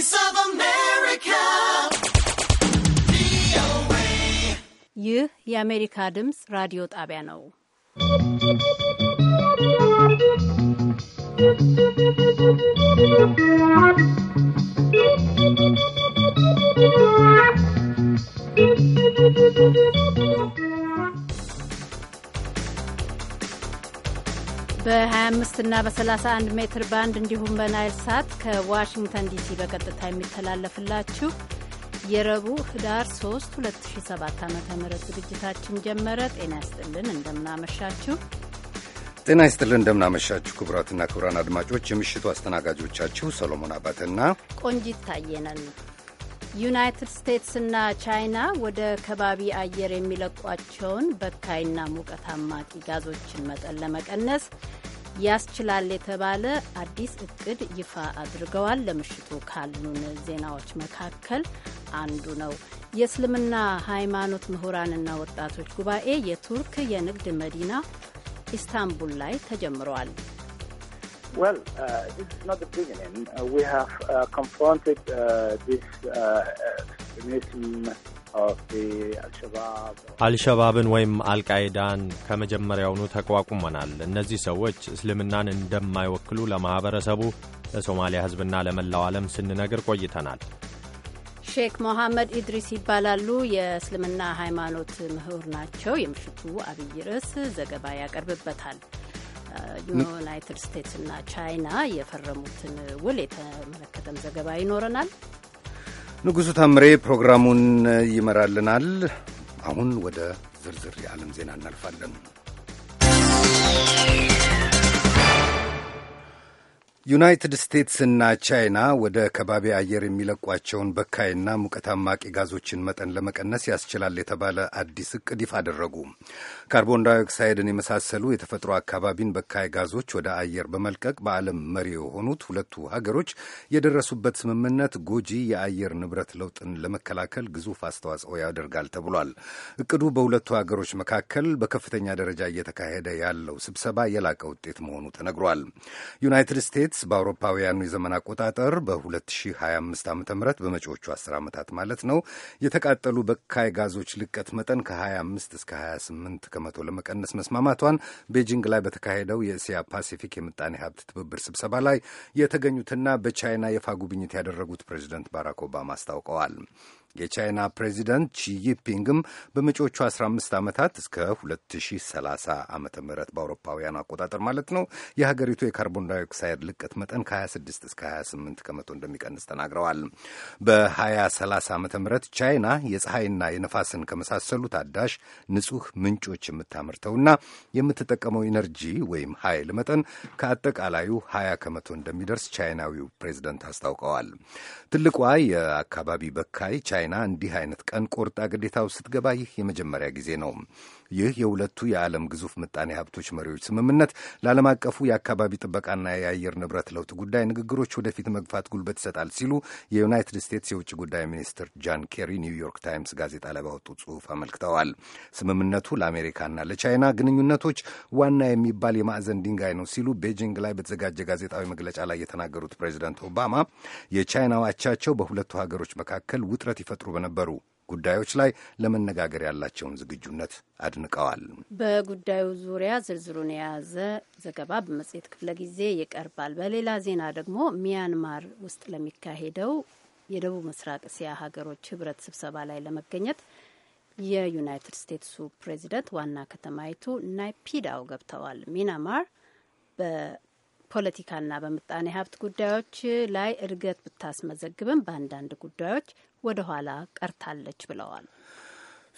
voice of America. ይህ የአሜሪካ ድምፅ ራዲዮ ጣቢያ ነው። Thank you. በ25 እና በ31 ሜትር ባንድ እንዲሁም በናይል ሳት ከዋሽንግተን ዲሲ በቀጥታ የሚተላለፍላችሁ የረቡዕ ህዳር 3 2007 ዓ ም ዝግጅታችን ጀመረ። ጤና ይስጥልን፣ እንደምናመሻችሁ። ጤና ይስጥልን፣ እንደምናመሻችሁ ክቡራትና ክቡራን አድማጮች የምሽቱ አስተናጋጆቻችሁ ሰሎሞን አባተና ቆንጂት ታየነን። ዩናይትድ ስቴትስና ቻይና ወደ ከባቢ አየር የሚለቋቸውን በካይና ሙቀት አማቂ ጋዞችን መጠን ለመቀነስ ያስችላል የተባለ አዲስ እቅድ ይፋ አድርገዋል። ለምሽቱ ካሉን ዜናዎች መካከል አንዱ ነው። የእስልምና ሃይማኖት ምሁራንና ወጣቶች ጉባኤ የቱርክ የንግድ መዲና ኢስታንቡል ላይ ተጀምረዋል። Well, uh, is not the beginning. Uh, we have uh, confronted uh, this extremism uh, uh, of the Al-Shabaab. አልሸባብን ወይም አልቃይዳን ከመጀመሪያውኑ ተቋቁመናል። እነዚህ ሰዎች እስልምናን እንደማይወክሉ ለማኅበረሰቡ፣ ለሶማሊያ ሕዝብና ለመላው ዓለም ስንነግር ቆይተናል። ሼክ ሞሐመድ ኢድሪስ ይባላሉ። የእስልምና ሃይማኖት ምሁር ናቸው። የምሽቱ አብይ ርዕስ ዘገባ ያቀርብበታል። ዩናይትድ ስቴትስ እና ቻይና የፈረሙትን ውል የተመለከተም ዘገባ ይኖረናል። ንጉሡ ታምሬ ፕሮግራሙን ይመራልናል። አሁን ወደ ዝርዝር የዓለም ዜና እናልፋለን። ዩናይትድ ስቴትስና ቻይና ወደ ከባቢ አየር የሚለቋቸውን በካይና ሙቀት አማቂ ጋዞችን መጠን ለመቀነስ ያስችላል የተባለ አዲስ እቅድ ይፋ አደረጉ። ካርቦን ዳይኦክሳይድን የመሳሰሉ የተፈጥሮ አካባቢን በካይ ጋዞች ወደ አየር በመልቀቅ በዓለም መሪ የሆኑት ሁለቱ ሀገሮች የደረሱበት ስምምነት ጎጂ የአየር ንብረት ለውጥን ለመከላከል ግዙፍ አስተዋጽኦ ያደርጋል ተብሏል። እቅዱ በሁለቱ ሀገሮች መካከል በከፍተኛ ደረጃ እየተካሄደ ያለው ስብሰባ የላቀ ውጤት መሆኑ ተነግሯል። ዩናይትድ ስቴትስ ስቴትስ በአውሮፓውያኑ የዘመን አቆጣጠር በ2025 ዓ ም በመጪዎቹ 10 ዓመታት ማለት ነው የተቃጠሉ በካይ ጋዞች ልቀት መጠን ከ25 እስከ 28 ከመቶ ለመቀነስ መስማማቷን ቤጂንግ ላይ በተካሄደው የእስያ ፓሲፊክ የምጣኔ ሀብት ትብብር ስብሰባ ላይ የተገኙትና በቻይና የፋ ጉብኝት ያደረጉት ፕሬዚደንት ባራክ ኦባማ አስታውቀዋል። የቻይና ፕሬዚደንት ሺይፒንግም በመጪዎቹ 15 ዓመታት እስከ 2030 ዓ ም በአውሮፓውያን አቆጣጠር ማለት ነው የሀገሪቱ የካርቦን ዳይኦክሳይድ ልቀት መጠን ከ26 እስከ 28 ከመቶ እንደሚቀንስ ተናግረዋል። በ2030 ዓ ም ቻይና የፀሐይና የነፋስን ከመሳሰሉ ታዳሽ ንጹህ ምንጮች የምታመርተውና የምትጠቀመው ኢነርጂ ወይም ኃይል መጠን ከአጠቃላዩ 20 ከመቶ እንደሚደርስ ቻይናዊው ፕሬዚደንት አስታውቀዋል። ትልቋ የአካባቢ በካይ ቻይና እንዲህ አይነት ቀን ቆርጣ ግዴታው ስትገባ ይህ የመጀመሪያ ጊዜ ነው። ይህ የሁለቱ የዓለም ግዙፍ ምጣኔ ሀብቶች መሪዎች ስምምነት ለዓለም አቀፉ የአካባቢ ጥበቃና የአየር ንብረት ለውጥ ጉዳይ ንግግሮች ወደፊት መግፋት ጉልበት ይሰጣል ሲሉ የዩናይትድ ስቴትስ የውጭ ጉዳይ ሚኒስትር ጃን ኬሪ ኒውዮርክ ታይምስ ጋዜጣ ላይ ባወጡ ጽሑፍ አመልክተዋል። ስምምነቱ ለአሜሪካና ለቻይና ግንኙነቶች ዋና የሚባል የማዕዘን ድንጋይ ነው ሲሉ ቤጂንግ ላይ በተዘጋጀ ጋዜጣዊ መግለጫ ላይ የተናገሩት ፕሬዚደንት ኦባማ የቻይናው አቻቸው በሁለቱ ሀገሮች መካከል ውጥረት ይፈጥሩ በነበሩ ጉዳዮች ላይ ለመነጋገር ያላቸውን ዝግጁነት አድንቀዋል። በጉዳዩ ዙሪያ ዝርዝሩን የያዘ ዘገባ በመጽሔት ክፍለ ጊዜ ይቀርባል። በሌላ ዜና ደግሞ ሚያንማር ውስጥ ለሚካሄደው የደቡብ ምስራቅ እስያ ሀገሮች ህብረት ስብሰባ ላይ ለመገኘት የዩናይትድ ስቴትሱ ፕሬዚደንት ዋና ከተማይቱ ናይፒዳው ገብተዋል። ሚያንማር ፖለቲካና በምጣኔ ሀብት ጉዳዮች ላይ እድገት ብታስመዘግብም በአንዳንድ ጉዳዮች ወደ ኋላ ቀርታለች ብለዋል።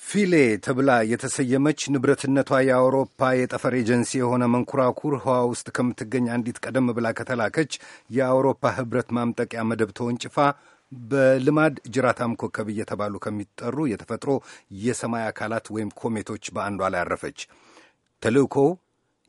ፊሌ ተብላ የተሰየመች ንብረትነቷ የአውሮፓ የጠፈር ኤጀንሲ የሆነ መንኮራኩር ህዋ ውስጥ ከምትገኝ አንዲት ቀደም ብላ ከተላከች የአውሮፓ ህብረት ማምጠቂያ መደብ ተወንጭፋ በልማድ ጅራታም ኮከብ እየተባሉ ከሚጠሩ የተፈጥሮ የሰማይ አካላት ወይም ኮሜቶች በአንዷ ላይ አረፈች። ተልእኮው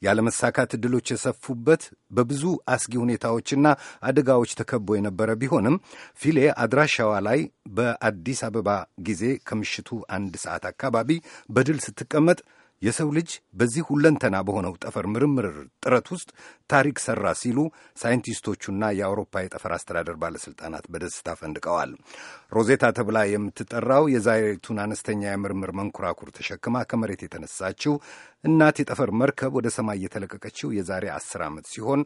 ያለመሳካት ዕድሎች የሰፉበት በብዙ አስጊ ሁኔታዎችና አደጋዎች ተከቦ የነበረ ቢሆንም ፊሌ አድራሻዋ ላይ በአዲስ አበባ ጊዜ ከምሽቱ አንድ ሰዓት አካባቢ በድል ስትቀመጥ የሰው ልጅ በዚህ ሁለንተና በሆነው ጠፈር ምርምር ጥረት ውስጥ ታሪክ ሠራ ሲሉ ሳይንቲስቶቹና የአውሮፓ የጠፈር አስተዳደር ባለሥልጣናት በደስታ ፈንድቀዋል። ሮዜታ ተብላ የምትጠራው የዛሬቱን አነስተኛ የምርምር መንኮራኩር ተሸክማ ከመሬት የተነሳችው እናት የጠፈር መርከብ ወደ ሰማይ የተለቀቀችው የዛሬ አስር ዓመት ሲሆን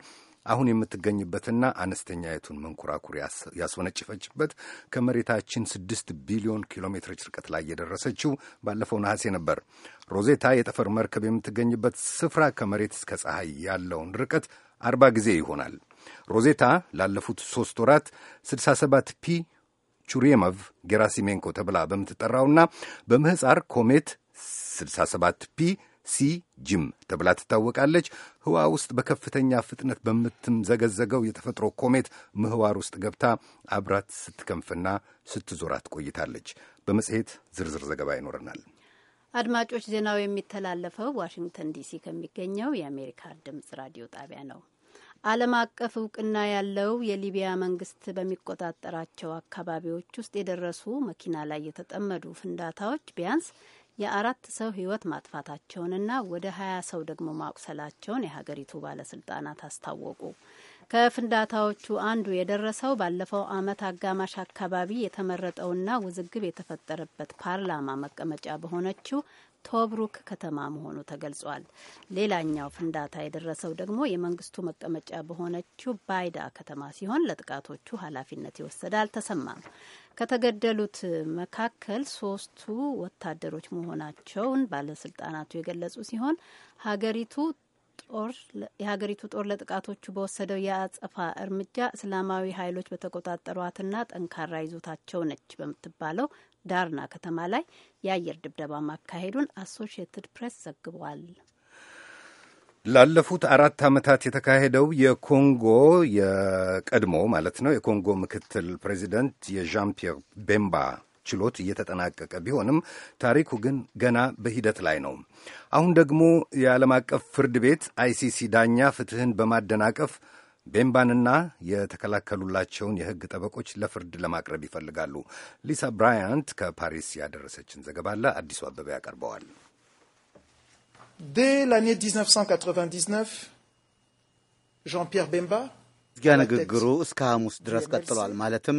አሁን የምትገኝበትና አነስተኛይቱን መንኮራኩር ያስወነጭፈችበት ከመሬታችን ስድስት ቢሊዮን ኪሎ ሜትሮች ርቀት ላይ የደረሰችው ባለፈው ነሐሴ ነበር። ሮዜታ የጠፈር መርከብ የምትገኝበት ስፍራ ከመሬት እስከ ፀሐይ ያለውን ርቀት አርባ ጊዜ ይሆናል። ሮዜታ ላለፉት ሦስት ወራት 67 ፒ ቹሪየመቭ ጌራሲሜንኮ ተብላ በምትጠራውና በምህፃር ኮሜት 67 ፒ ሲ ጅም ተብላ ትታወቃለች። ህዋ ውስጥ በከፍተኛ ፍጥነት በምትምዘገዘገው የተፈጥሮ ኮሜት ምህዋር ውስጥ ገብታ አብራት ስትከንፍና ስትዞራት ቆይታለች። በመጽሔት ዝርዝር ዘገባ ይኖረናል። አድማጮች፣ ዜናው የሚተላለፈው ዋሽንግተን ዲሲ ከሚገኘው የአሜሪካ ድምጽ ራዲዮ ጣቢያ ነው። ዓለም አቀፍ እውቅና ያለው የሊቢያ መንግስት በሚቆጣጠራቸው አካባቢዎች ውስጥ የደረሱ መኪና ላይ የተጠመዱ ፍንዳታዎች ቢያንስ የአራት ሰው ህይወት ማጥፋታቸውንና ወደ ሀያ ሰው ደግሞ ማቁሰላቸውን የሀገሪቱ ባለስልጣናት አስታወቁ። ከፍንዳታዎቹ አንዱ የደረሰው ባለፈው ዓመት አጋማሽ አካባቢ የተመረጠውና ውዝግብ የተፈጠረበት ፓርላማ መቀመጫ በሆነችው ቶብሩክ ከተማ መሆኑ ተገልጿል። ሌላኛው ፍንዳታ የደረሰው ደግሞ የመንግስቱ መቀመጫ በሆነችው ባይዳ ከተማ ሲሆን ለጥቃቶቹ ኃላፊነት የወሰደ አልተሰማም። ከተገደሉት መካከል ሶስቱ ወታደሮች መሆናቸውን ባለስልጣናቱ የገለጹ ሲሆን ሀገሪቱ ጦር የሀገሪቱ ጦር ለጥቃቶቹ በወሰደው የአጸፋ እርምጃ እስላማዊ ኃይሎች በተቆጣጠሯትና ጠንካራ ይዞታቸው ነች በምትባለው ዳርና ከተማ ላይ የአየር ድብደባ ማካሄዱን አሶሽየትድ ፕሬስ ዘግቧል። ላለፉት አራት ዓመታት የተካሄደው የኮንጎ የቀድሞ ማለት ነው የኮንጎ ምክትል ፕሬዚደንት የዣን ፒየር ቤምባ ችሎት እየተጠናቀቀ ቢሆንም ታሪኩ ግን ገና በሂደት ላይ ነው። አሁን ደግሞ የዓለም አቀፍ ፍርድ ቤት አይሲሲ ዳኛ ፍትህን በማደናቀፍ ቤምባንና የተከላከሉላቸውን የሕግ ጠበቆች ለፍርድ ለማቅረብ ይፈልጋሉ። ሊሳ ብራያንት ከፓሪስ ያደረሰችን ዘገባ አለ። አዲሱ አበበ ያቀርበዋል። Dès l'année 1999, ዣን-ፒየር ቤምባ እዚያ ንግግሩ እስከ ሐሙስ ድረስ ቀጥሏል። ማለትም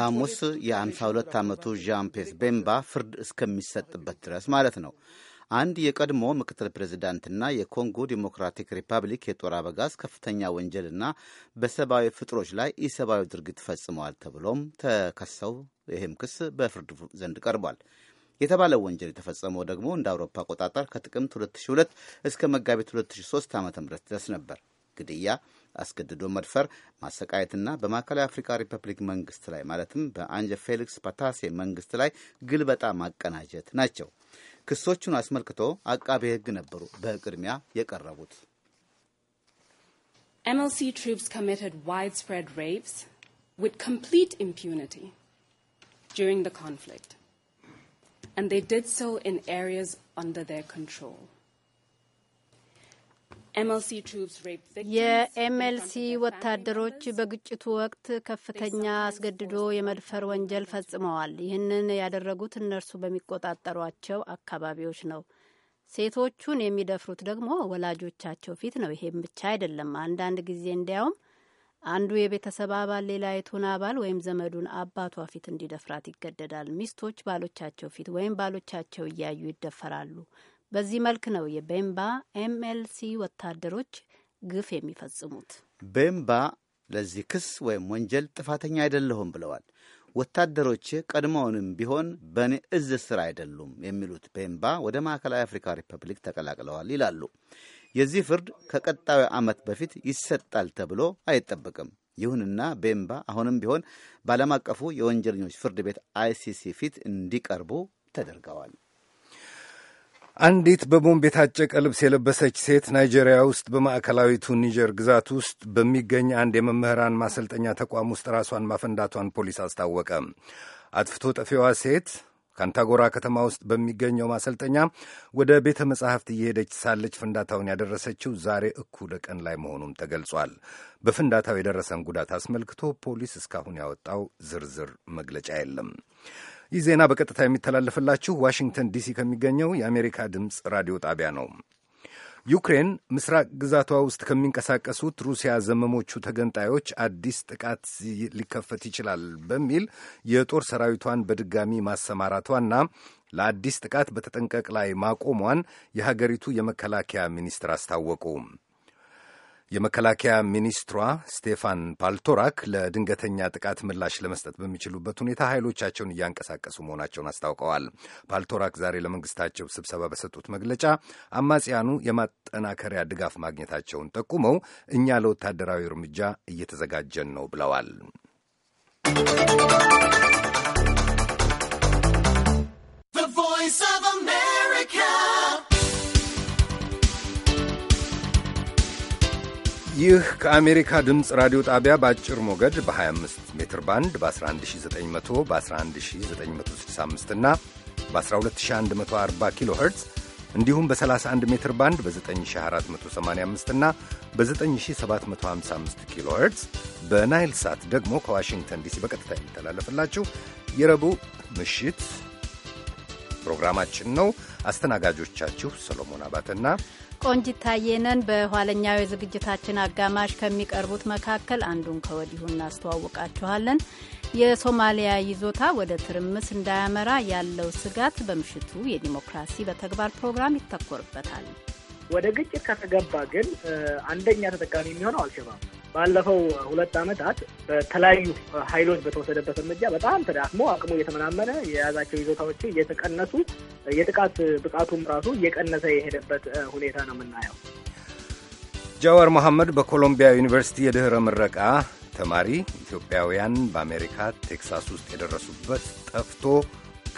ሐሙስ የ52 ዓመቱ ዣን ፒየር ቤምባ ፍርድ እስከሚሰጥበት ድረስ ማለት ነው። አንድ የቀድሞ ምክትል ፕሬዚዳንትና የኮንጎ ዲሞክራቲክ ሪፐብሊክ የጦር አበጋዝ ከፍተኛ ወንጀልና በሰብአዊ ፍጥሮች ላይ ኢሰብአዊ ድርጊት ፈጽመዋል ተብሎም ተከሰው ይህም ክስ በፍርድ ዘንድ ቀርቧል። የተባለው ወንጀል የተፈጸመው ደግሞ እንደ አውሮፓ አቆጣጠር ከጥቅምት 2002 እስከ መጋቢት 2003 ዓ ም ድረስ ነበር። ግድያ፣ አስገድዶ መድፈር፣ ማሰቃየትና በማዕከላዊ አፍሪካ ሪፐብሊክ መንግስት ላይ ማለትም በአንጀ ፌሊክስ ፓታሴ መንግስት ላይ ግልበጣ ማቀናጀት ናቸው። ክሶቹን አስመልክቶ አቃቤ ሕግ ነበሩ በቅድሚያ የቀረቡት። ኤምኤልሲ ስ ኮሚትድ ዋይድ ስፕሬድ ሬፕስ ዊዝ ኮምፕሊት ኢምፒዩኒቲ ዱሪንግ and they did so in areas under their control. የኤምኤልሲ ወታደሮች በግጭቱ ወቅት ከፍተኛ አስገድዶ የመድፈር ወንጀል ፈጽመዋል። ይህንን ያደረጉት እነርሱ በሚቆጣጠሯቸው አካባቢዎች ነው። ሴቶቹን የሚደፍሩት ደግሞ ወላጆቻቸው ፊት ነው። ይሄም ብቻ አይደለም። አንዳንድ ጊዜ እንዲያውም አንዱ የቤተሰብ አባል ሌላይቱን አባል ወይም ዘመዱን አባቷ ፊት እንዲደፍራት ይገደዳል። ሚስቶች ባሎቻቸው ፊት ወይም ባሎቻቸው እያዩ ይደፈራሉ። በዚህ መልክ ነው የቤምባ ኤምኤልሲ ወታደሮች ግፍ የሚፈጽሙት። ቤምባ ለዚህ ክስ ወይም ወንጀል ጥፋተኛ አይደለሁም ብለዋል። ወታደሮች ቀድሞውንም ቢሆን በእኔ እዝ ስር አይደሉም የሚሉት ቤምባ ወደ ማዕከላዊ አፍሪካ ሪፐብሊክ ተቀላቅለዋል ይላሉ። የዚህ ፍርድ ከቀጣዩ ዓመት በፊት ይሰጣል ተብሎ አይጠበቅም። ይሁንና ቤምባ አሁንም ቢሆን በዓለም አቀፉ የወንጀለኞች ፍርድ ቤት አይሲሲ ፊት እንዲቀርቡ ተደርገዋል። አንዲት በቦምብ የታጨቀ ልብስ የለበሰች ሴት ናይጄሪያ ውስጥ በማዕከላዊቱ ኒጀር ግዛት ውስጥ በሚገኝ አንድ የመምህራን ማሰልጠኛ ተቋም ውስጥ ራሷን ማፈንዳቷን ፖሊስ አስታወቀ። አጥፍቶ ጠፊዋ ሴት ካንታጎራ ከተማ ውስጥ በሚገኘው ማሰልጠኛ ወደ ቤተ መጻሕፍት እየሄደች ሳለች ፍንዳታውን ያደረሰችው ዛሬ እኩለ ቀን ላይ መሆኑም ተገልጿል። በፍንዳታው የደረሰን ጉዳት አስመልክቶ ፖሊስ እስካሁን ያወጣው ዝርዝር መግለጫ የለም። ይህ ዜና በቀጥታ የሚተላለፍላችሁ ዋሽንግተን ዲሲ ከሚገኘው የአሜሪካ ድምፅ ራዲዮ ጣቢያ ነው። ዩክሬን ምስራቅ ግዛቷ ውስጥ ከሚንቀሳቀሱት ሩሲያ ዘመሞቹ ተገንጣዮች አዲስ ጥቃት ሊከፈት ይችላል በሚል የጦር ሰራዊቷን በድጋሚ ማሰማራቷና ለአዲስ ጥቃት በተጠንቀቅ ላይ ማቆሟን የሀገሪቱ የመከላከያ ሚኒስትር አስታወቁ። የመከላከያ ሚኒስትሯ ስቴፋን ፓልቶራክ ለድንገተኛ ጥቃት ምላሽ ለመስጠት በሚችሉበት ሁኔታ ኃይሎቻቸውን እያንቀሳቀሱ መሆናቸውን አስታውቀዋል። ፓልቶራክ ዛሬ ለመንግስታቸው ስብሰባ በሰጡት መግለጫ አማጽያኑ የማጠናከሪያ ድጋፍ ማግኘታቸውን ጠቁመው እኛ ለወታደራዊ እርምጃ እየተዘጋጀን ነው ብለዋል። ይህ ከአሜሪካ ድምፅ ራዲዮ ጣቢያ በአጭር ሞገድ በ25 ሜትር ባንድ በ11900 በ11965 እና በ12140 ኪሎ ኸርትዝ እንዲሁም በ31 ሜትር ባንድ በ9485 እና በ9755 ኪሎ ኸርትዝ በናይል ሳት ደግሞ ከዋሽንግተን ዲሲ በቀጥታ የሚተላለፍላችሁ የረቡዕ ምሽት ፕሮግራማችን ነው። አስተናጋጆቻችሁ ሰሎሞን አባተና ቆንጅታየነን ታየነን በኋለኛው የዝግጅታችን አጋማሽ ከሚቀርቡት መካከል አንዱን ከወዲሁ እናስተዋውቃችኋለን። የሶማሊያ ይዞታ ወደ ትርምስ እንዳያመራ ያለው ስጋት በምሽቱ የዲሞክራሲ በተግባር ፕሮግራም ይተኮርበታል። ወደ ግጭት ከተገባ ግን አንደኛ ተጠቃሚ የሚሆነው አልሸባብ ባለፈው ሁለት ዓመታት በተለያዩ ኃይሎች በተወሰደበት እርምጃ በጣም ተዳክሞ አቅሙ እየተመናመነ የያዛቸው ይዞታዎች እየተቀነሱ የጥቃት ብቃቱም ራሱ እየቀነሰ የሄደበት ሁኔታ ነው የምናየው። ጃዋር መሐመድ በኮሎምቢያ ዩኒቨርሲቲ የድኅረ ምረቃ ተማሪ ኢትዮጵያውያን በአሜሪካ ቴክሳስ ውስጥ የደረሱበት ጠፍቶ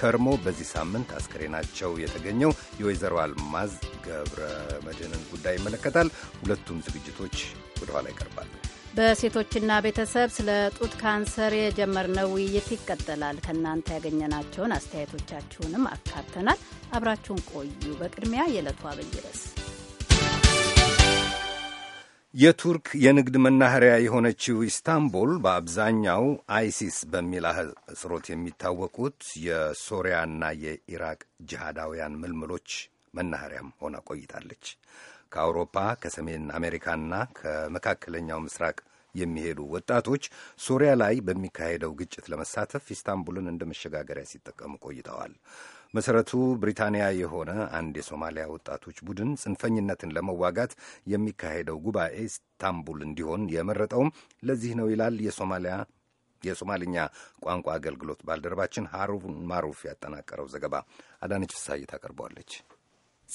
ከርሞ በዚህ ሳምንት አስከሬናቸው የተገኘው የወይዘሮ አልማዝ ገብረ መድህንን ጉዳይ ይመለከታል። ሁለቱም ዝግጅቶች ወደ ይቀርባሉ። በሴቶችና ቤተሰብ ስለ ጡት ካንሰር የጀመርነው ውይይት ይቀጥላል። ከእናንተ ያገኘናቸውን አስተያየቶቻችሁንም አካተናል። አብራችሁን ቆዩ። በቅድሚያ የዕለቱ አብይ ርዕስ የቱርክ የንግድ መናኸሪያ የሆነችው ኢስታንቡል በአብዛኛው አይሲስ በሚል አህጽሮት የሚታወቁት የሶሪያና የኢራቅ ጅሃዳውያን ምልምሎች መናኸሪያም ሆና ቆይታለች። ከአውሮፓ ከሰሜን አሜሪካና ከመካከለኛው ምስራቅ የሚሄዱ ወጣቶች ሶሪያ ላይ በሚካሄደው ግጭት ለመሳተፍ ኢስታንቡልን እንደ መሸጋገሪያ ሲጠቀሙ ቆይተዋል። መሰረቱ ብሪታንያ የሆነ አንድ የሶማሊያ ወጣቶች ቡድን ጽንፈኝነትን ለመዋጋት የሚካሄደው ጉባኤ ኢስታንቡል እንዲሆን የመረጠውም ለዚህ ነው ይላል የሶማሊያ የሶማልኛ ቋንቋ አገልግሎት ባልደረባችን ሀሩን ማሩፍ ያጠናቀረው ዘገባ። አዳነች ፍሳይ ታቀርበዋለች።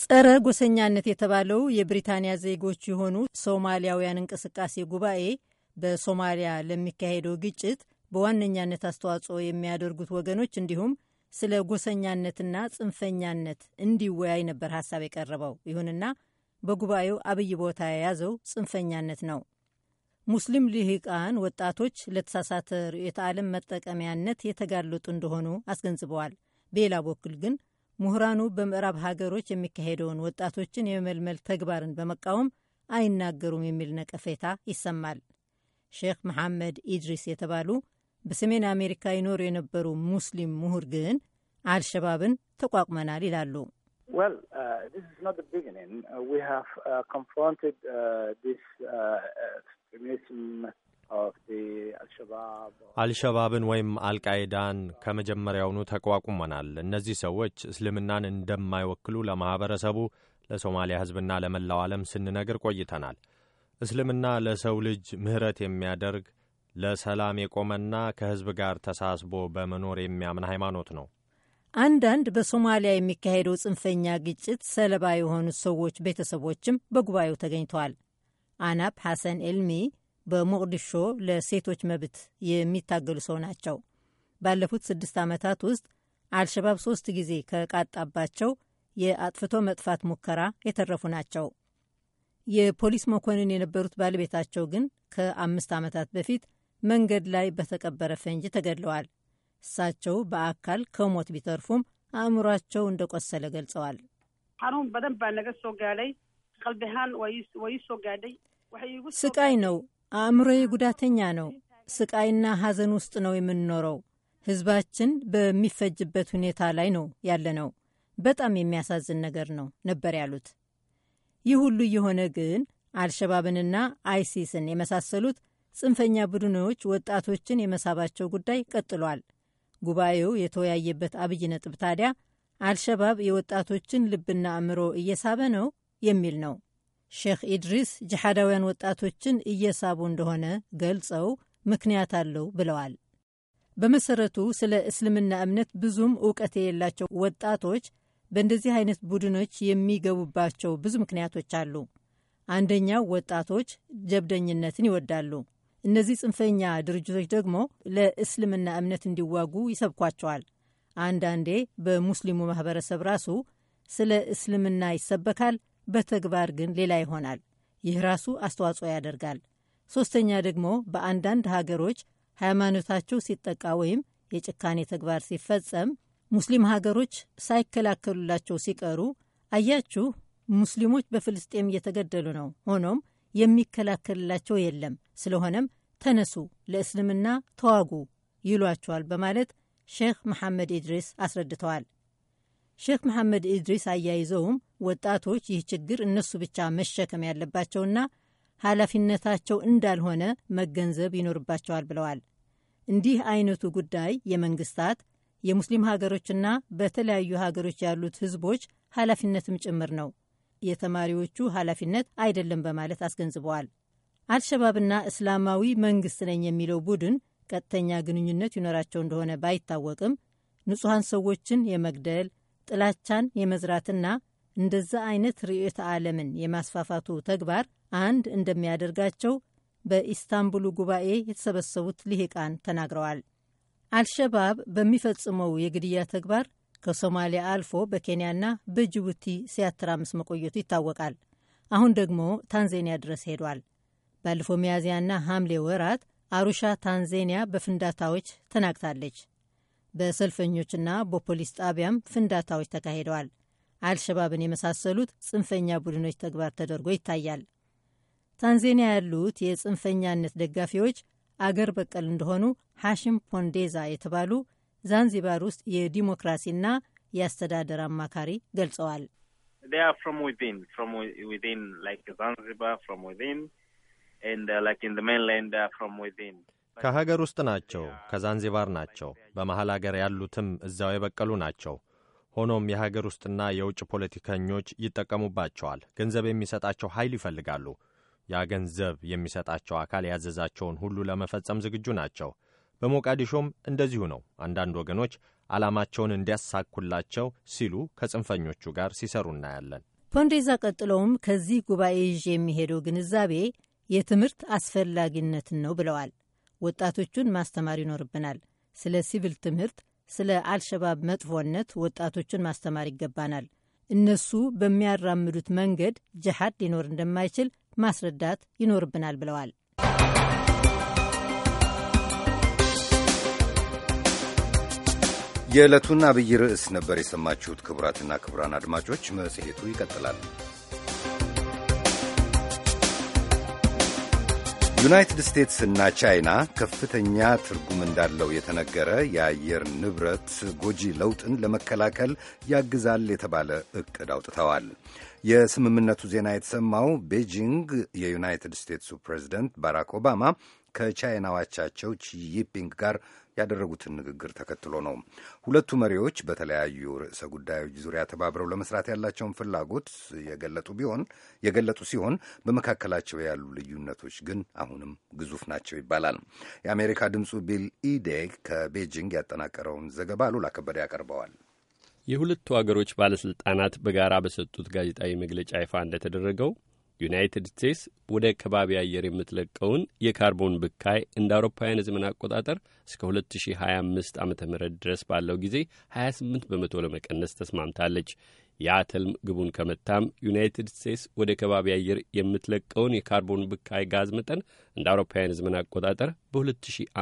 ጸረ ጎሰኛነት የተባለው የብሪታንያ ዜጎች የሆኑ ሶማሊያውያን እንቅስቃሴ ጉባኤ በሶማሊያ ለሚካሄደው ግጭት በዋነኛነት አስተዋጽኦ የሚያደርጉት ወገኖች እንዲሁም ስለ ጎሰኛነትና ጽንፈኛነት እንዲወያይ ነበር ሀሳብ የቀረበው። ይሁንና በጉባኤው አብይ ቦታ የያዘው ጽንፈኛነት ነው። ሙስሊም ልሂቃን ወጣቶች ለተሳሳተ ርዕዮተ ዓለም መጠቀሚያነት የተጋለጡ እንደሆኑ አስገንዝበዋል። በሌላ በኩል ግን ምሁራኑ በምዕራብ ሀገሮች የሚካሄደውን ወጣቶችን የመመልመል ተግባርን በመቃወም አይናገሩም የሚል ነቀፌታ ይሰማል። ሼክ መሐመድ ኢድሪስ የተባሉ በሰሜን አሜሪካ ይኖሩ የነበሩ ሙስሊም ምሁር ግን አልሸባብን ተቋቁመናል ይላሉ። uh, አልሸባብን ወይም አልቃይዳን ከመጀመሪያውኑ ተቋቁመናል። እነዚህ ሰዎች እስልምናን እንደማይወክሉ ለማኅበረሰቡ፣ ለሶማሊያ ሕዝብና ለመላው ዓለም ስንነግር ቆይተናል። እስልምና ለሰው ልጅ ምሕረት የሚያደርግ ለሰላም የቆመና ከሕዝብ ጋር ተሳስቦ በመኖር የሚያምን ሃይማኖት ነው። አንዳንድ በሶማሊያ የሚካሄደው ጽንፈኛ ግጭት ሰለባ የሆኑት ሰዎች ቤተሰቦችም በጉባኤው ተገኝተዋል። አናብ ሐሰን ኤልሚ በሞቅዲሾ ለሴቶች መብት የሚታገሉ ሰው ናቸው። ባለፉት ስድስት ዓመታት ውስጥ አልሸባብ ሶስት ጊዜ ከቃጣባቸው የአጥፍቶ መጥፋት ሙከራ የተረፉ ናቸው። የፖሊስ መኮንን የነበሩት ባለቤታቸው ግን ከአምስት ዓመታት በፊት መንገድ ላይ በተቀበረ ፈንጂ ተገድለዋል። እሳቸው በአካል ከሞት ቢተርፉም አእምሯቸው እንደቆሰለ ገልጸዋል። ስቃይ ነው፣ አእምሮዬ ጉዳተኛ ነው። ስቃይና ሐዘን ውስጥ ነው የምንኖረው። ህዝባችን በሚፈጅበት ሁኔታ ላይ ነው ያለነው። በጣም የሚያሳዝን ነገር ነው ነበር ያሉት። ይህ ሁሉ የሆነ ግን አልሸባብንና አይሲስን የመሳሰሉት ጽንፈኛ ቡድኖች ወጣቶችን የመሳባቸው ጉዳይ ቀጥሏል። ጉባኤው የተወያየበት አብይ ነጥብ ታዲያ አልሸባብ የወጣቶችን ልብና አእምሮ እየሳበ ነው የሚል ነው። ሼክ ኢድሪስ ጅሓዳውያን ወጣቶችን እየሳቡ እንደሆነ ገልጸው ምክንያት አለው ብለዋል። በመሰረቱ ስለ እስልምና እምነት ብዙም እውቀት የሌላቸው ወጣቶች በእንደዚህ አይነት ቡድኖች የሚገቡባቸው ብዙ ምክንያቶች አሉ። አንደኛው ወጣቶች ጀብደኝነትን ይወዳሉ። እነዚህ ጽንፈኛ ድርጅቶች ደግሞ ለእስልምና እምነት እንዲዋጉ ይሰብኳቸዋል። አንዳንዴ በሙስሊሙ ማህበረሰብ ራሱ ስለ እስልምና ይሰበካል፣ በተግባር ግን ሌላ ይሆናል። ይህ ራሱ አስተዋጽኦ ያደርጋል። ሶስተኛ ደግሞ በአንዳንድ ሀገሮች ሃይማኖታቸው ሲጠቃ ወይም የጭካኔ ተግባር ሲፈጸም ሙስሊም ሀገሮች ሳይከላከሉላቸው ሲቀሩ አያችሁ፣ ሙስሊሞች በፍልስጤም እየተገደሉ ነው፣ ሆኖም የሚከላከልላቸው የለም፣ ስለሆነም ተነሱ፣ ለእስልምና ተዋጉ ይሏቸዋል በማለት ሼክ መሐመድ ኢድሪስ አስረድተዋል። ሼክ መሐመድ ኢድሪስ አያይዘውም ወጣቶች ይህ ችግር እነሱ ብቻ መሸከም ያለባቸውና ኃላፊነታቸው እንዳልሆነ መገንዘብ ይኖርባቸዋል ብለዋል። እንዲህ አይነቱ ጉዳይ የመንግስታት የሙስሊም ሀገሮችና በተለያዩ ሀገሮች ያሉት ህዝቦች ኃላፊነትም ጭምር ነው፣ የተማሪዎቹ ኃላፊነት አይደለም በማለት አስገንዝበዋል። አልሸባብና እስላማዊ መንግስት ነኝ የሚለው ቡድን ቀጥተኛ ግንኙነት ይኖራቸው እንደሆነ ባይታወቅም ንጹሐን ሰዎችን የመግደል ጥላቻን የመዝራትና እንደዛ አይነት ርዕዮተ ዓለምን የማስፋፋቱ ተግባር አንድ እንደሚያደርጋቸው በኢስታንቡሉ ጉባኤ የተሰበሰቡት ልሂቃን ተናግረዋል። አልሸባብ በሚፈጽመው የግድያ ተግባር ከሶማሊያ አልፎ በኬንያና በጅቡቲ ሲያተራምስ መቆየቱ ይታወቃል። አሁን ደግሞ ታንዜኒያ ድረስ ሄዷል። ባለፈው ሚያዝያና ሐምሌ ወራት አሩሻ ታንዜኒያ በፍንዳታዎች ተናግታለች። በሰልፈኞችና በፖሊስ ጣቢያም ፍንዳታዎች ተካሂደዋል። አልሸባብን የመሳሰሉት ጽንፈኛ ቡድኖች ተግባር ተደርጎ ይታያል። ታንዜኒያ ያሉት የጽንፈኛነት ደጋፊዎች አገር በቀል እንደሆኑ ሐሽም ፖንዴዛ የተባሉ ዛንዚባር ውስጥ የዲሞክራሲና የአስተዳደር አማካሪ ገልጸዋል። ከሀገር ውስጥ ናቸው፣ ከዛንዚባር ናቸው። በመሐል አገር ያሉትም እዚያው የበቀሉ ናቸው። ሆኖም የሀገር ውስጥና የውጭ ፖለቲከኞች ይጠቀሙባቸዋል። ገንዘብ የሚሰጣቸው ኃይል ይፈልጋሉ። ያ ገንዘብ የሚሰጣቸው አካል ያዘዛቸውን ሁሉ ለመፈጸም ዝግጁ ናቸው። በሞቃዲሾም እንደዚሁ ነው። አንዳንድ ወገኖች ዓላማቸውን እንዲያሳኩላቸው ሲሉ ከጽንፈኞቹ ጋር ሲሰሩ እናያለን። ፖንዴዛ ቀጥለውም ከዚህ ጉባኤ ይዤ የሚሄደው ግንዛቤ የትምህርት አስፈላጊነትን ነው ብለዋል። ወጣቶቹን ማስተማር ይኖርብናል። ስለ ሲቪል ትምህርት፣ ስለ አልሸባብ መጥፎነት ወጣቶቹን ማስተማር ይገባናል። እነሱ በሚያራምዱት መንገድ ጅሃድ ሊኖር እንደማይችል ማስረዳት ይኖርብናል ብለዋል። የዕለቱን አብይ ርዕስ ነበር የሰማችሁት። ክቡራትና ክቡራን አድማጮች መጽሔቱ ይቀጥላል። ዩናይትድ እና ቻይና ከፍተኛ ትርጉም እንዳለው የተነገረ የአየር ንብረት ጎጂ ለውጥን ለመከላከል ያግዛል የተባለ እቅድ አውጥተዋል። የስምምነቱ ዜና የተሰማው ቤጂንግ የዩናይትድ ስቴትሱ ፕሬዚደንት ባራክ ኦባማ ከቻይናዋቻቸው ቺ ጂንፒንግ ጋር ያደረጉትን ንግግር ተከትሎ ነው። ሁለቱ መሪዎች በተለያዩ ርዕሰ ጉዳዮች ዙሪያ ተባብረው ለመስራት ያላቸውን ፍላጎት የገለጡ ቢሆን የገለጡ ሲሆን በመካከላቸው ያሉ ልዩነቶች ግን አሁንም ግዙፍ ናቸው ይባላል። የአሜሪካ ድምፁ ቢል ኢዴ ከቤጂንግ ያጠናቀረውን ዘገባ ሉላ ከበደ ያቀርበዋል። የሁለቱ አገሮች ባለሥልጣናት በጋራ በሰጡት ጋዜጣዊ መግለጫ ይፋ እንደተደረገው ዩናይትድ ስቴትስ ወደ ከባቢ አየር የምትለቀውን የካርቦን ብካይ እንደ አውሮፓውያን ዘመን አቆጣጠር እስከ 2025 ዓ ም ድረስ ባለው ጊዜ 28 በመቶ ለመቀነስ ተስማምታለች። የአተልም ግቡን ከመታም ዩናይትድ ስቴትስ ወደ ከባቢ አየር የምትለቀውን የካርቦን ብካይ ጋዝ መጠን እንደ አውሮፓውያን ዘመን አቆጣጠር በ2005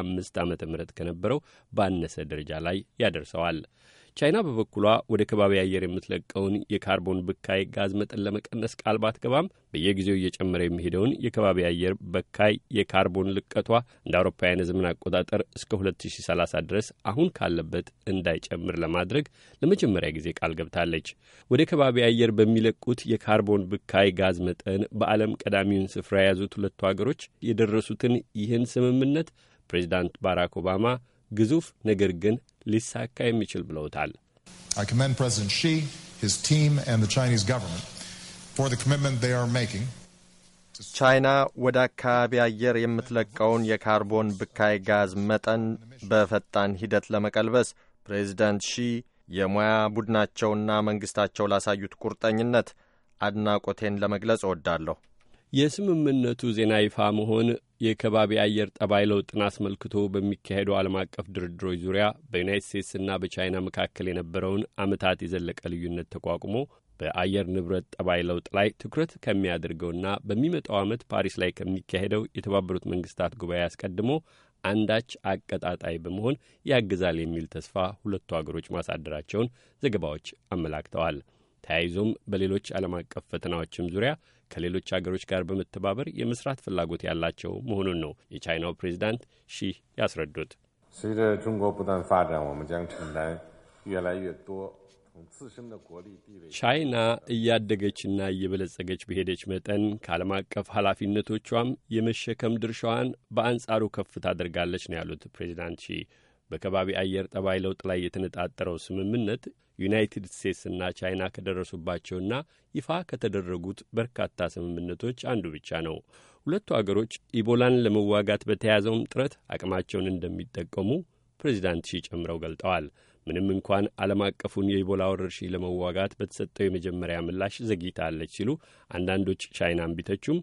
ዓ ም ከነበረው ባነሰ ደረጃ ላይ ያደርሰዋል። ቻይና በበኩሏ ወደ ከባቢ አየር የምትለቀውን የካርቦን ብካይ ጋዝ መጠን ለመቀነስ ቃል ባትገባም በየጊዜው እየጨመረ የሚሄደውን የከባቢ አየር በካይ የካርቦን ልቀቷ እንደ አውሮፓውያን የዘመን አቆጣጠር እስከ 2030 ድረስ አሁን ካለበት እንዳይጨምር ለማድረግ ለመጀመሪያ ጊዜ ቃል ገብታለች። ወደ ከባቢ አየር በሚለቁት የካርቦን ብካይ ጋዝ መጠን በዓለም ቀዳሚውን ስፍራ የያዙት ሁለቱ አገሮች የደረሱትን ይህን ስምምነት ፕሬዚዳንት ባራክ ኦባማ ግዙፍ ነገር ግን ሊሳካ የሚችል ብለውታል። ቻይና ወደ አካባቢ አየር የምትለቀውን የካርቦን ብካይ ጋዝ መጠን በፈጣን ሂደት ለመቀልበስ ፕሬዚዳንት ሺ የሙያ ቡድናቸውና መንግሥታቸው ላሳዩት ቁርጠኝነት አድናቆቴን ለመግለጽ እወዳለሁ። የስምምነቱ ዜና ይፋ መሆን የከባቢ አየር ጠባይ ለውጥን አስመልክቶ በሚካሄዱ ዓለም አቀፍ ድርድሮች ዙሪያ በዩናይት ስቴትስና በቻይና መካከል የነበረውን ዓመታት የዘለቀ ልዩነት ተቋቁሞ በአየር ንብረት ጠባይ ለውጥ ላይ ትኩረት ከሚያደርገውና በሚመጣው ዓመት ፓሪስ ላይ ከሚካሄደው የተባበሩት መንግስታት ጉባኤ አስቀድሞ አንዳች አቀጣጣይ በመሆን ያግዛል የሚል ተስፋ ሁለቱ አገሮች ማሳደራቸውን ዘገባዎች አመላክተዋል። ተያይዞም በሌሎች ዓለም አቀፍ ፈተናዎችም ዙሪያ ከሌሎች አገሮች ጋር በመተባበር የመስራት ፍላጎት ያላቸው መሆኑን ነው የቻይናው ፕሬዚዳንት ሺህ ያስረዱት። ቻይና እያደገችና እየበለጸገች በሄደች መጠን ከዓለም አቀፍ ኃላፊነቶቿም የመሸከም ድርሻዋን በአንጻሩ ከፍ ታደርጋለች ነው ያሉት ፕሬዚዳንት ሺ በከባቢ አየር ጠባይ ለውጥ ላይ የተነጣጠረው ስምምነት ዩናይትድ ስቴትስና ቻይና ከደረሱባቸውና ይፋ ከተደረጉት በርካታ ስምምነቶች አንዱ ብቻ ነው። ሁለቱ አገሮች ኢቦላን ለመዋጋት በተያዘውም ጥረት አቅማቸውን እንደሚጠቀሙ ፕሬዚዳንት ሺ ጨምረው ገልጠዋል። ምንም እንኳን ዓለም አቀፉን የኢቦላ ወረርሽኝ ለመዋጋት በተሰጠው የመጀመሪያ ምላሽ ዘግይታለች ሲሉ አንዳንዶች ቻይናን ቢተቹም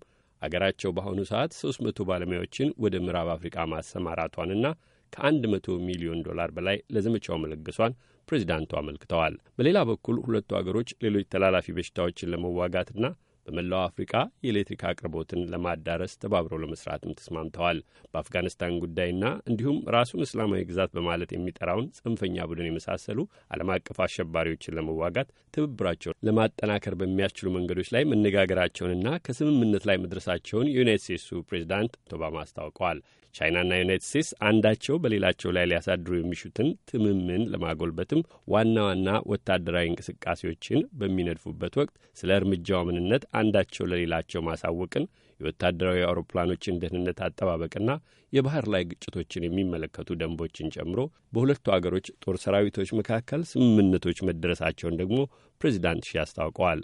አገራቸው በአሁኑ ሰዓት ሶስት መቶ ባለሙያዎችን ወደ ምዕራብ አፍሪቃ ማሰማራቷንና ከ100 ሚሊዮን ዶላር በላይ ለዘመቻው መለገሷን ፕሬዚዳንቱ አመልክተዋል። በሌላ በኩል ሁለቱ አገሮች ሌሎች ተላላፊ በሽታዎችን ለመዋጋትና በመላው አፍሪካ የኤሌክትሪክ አቅርቦትን ለማዳረስ ተባብረው ለመስራትም ተስማምተዋል። በአፍጋኒስታን ጉዳይና እንዲሁም ራሱን እስላማዊ ግዛት በማለት የሚጠራውን ጽንፈኛ ቡድን የመሳሰሉ ዓለም አቀፍ አሸባሪዎችን ለመዋጋት ትብብራቸውን ለማጠናከር በሚያስችሉ መንገዶች ላይ መነጋገራቸውንና ከስምምነት ላይ መድረሳቸውን የዩናይት ስቴትሱ ፕሬዚዳንት ኦባማ አስታውቀዋል። ቻይናና ዩናይትድ ስቴትስ አንዳቸው በሌላቸው ላይ ሊያሳድሩ የሚሹትን ትምምን ለማጎልበትም ዋና ዋና ወታደራዊ እንቅስቃሴዎችን በሚነድፉበት ወቅት ስለ እርምጃው ምንነት አንዳቸው ለሌላቸው ማሳወቅን፣ የወታደራዊ አውሮፕላኖችን ደህንነት አጠባበቅና የባህር ላይ ግጭቶችን የሚመለከቱ ደንቦችን ጨምሮ በሁለቱ አገሮች ጦር ሰራዊቶች መካከል ስምምነቶች መደረሳቸውን ደግሞ ፕሬዚዳንት ሺ አስታውቀዋል።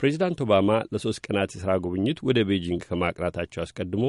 ፕሬዚዳንት ኦባማ ለሶስት ቀናት የሥራ ጉብኝት ወደ ቤጂንግ ከማቅናታቸው አስቀድሞ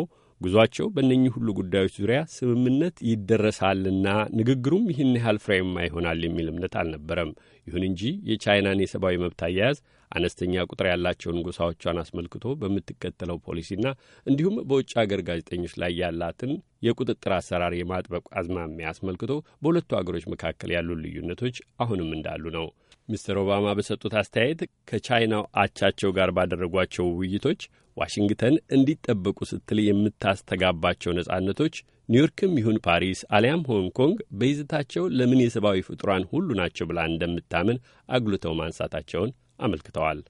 ጉዟቸው በእነኚህ ሁሉ ጉዳዮች ዙሪያ ስምምነት ይደረሳልና ንግግሩም ይህን ያህል ፍሬያማ ይሆናል የሚል እምነት አልነበረም። ይሁን እንጂ የቻይናን የሰብአዊ መብት አያያዝ አነስተኛ ቁጥር ያላቸውን ጎሳዎቿን አስመልክቶ በምትከተለው ፖሊሲና እንዲሁም በውጭ አገር ጋዜጠኞች ላይ ያላትን የቁጥጥር አሰራር የማጥበቅ አዝማሚያ አስመልክቶ በሁለቱ አገሮች መካከል ያሉ ልዩነቶች አሁንም እንዳሉ ነው። ሚስተር ኦባማ በሰጡት አስተያየት ከቻይናው አቻቸው ጋር ባደረጓቸው ውይይቶች ዋሽንግተን እንዲጠበቁ ስትል የምታስተጋባቸው ነጻነቶች ኒውዮርክም ይሁን ፓሪስ አሊያም ሆንግ ኮንግ በይዘታቸው ለምን የሰብአዊ ፍጡራን ሁሉ ናቸው ብላ እንደምታምን አጉልተው ማንሳታቸውን አመልክተዋል።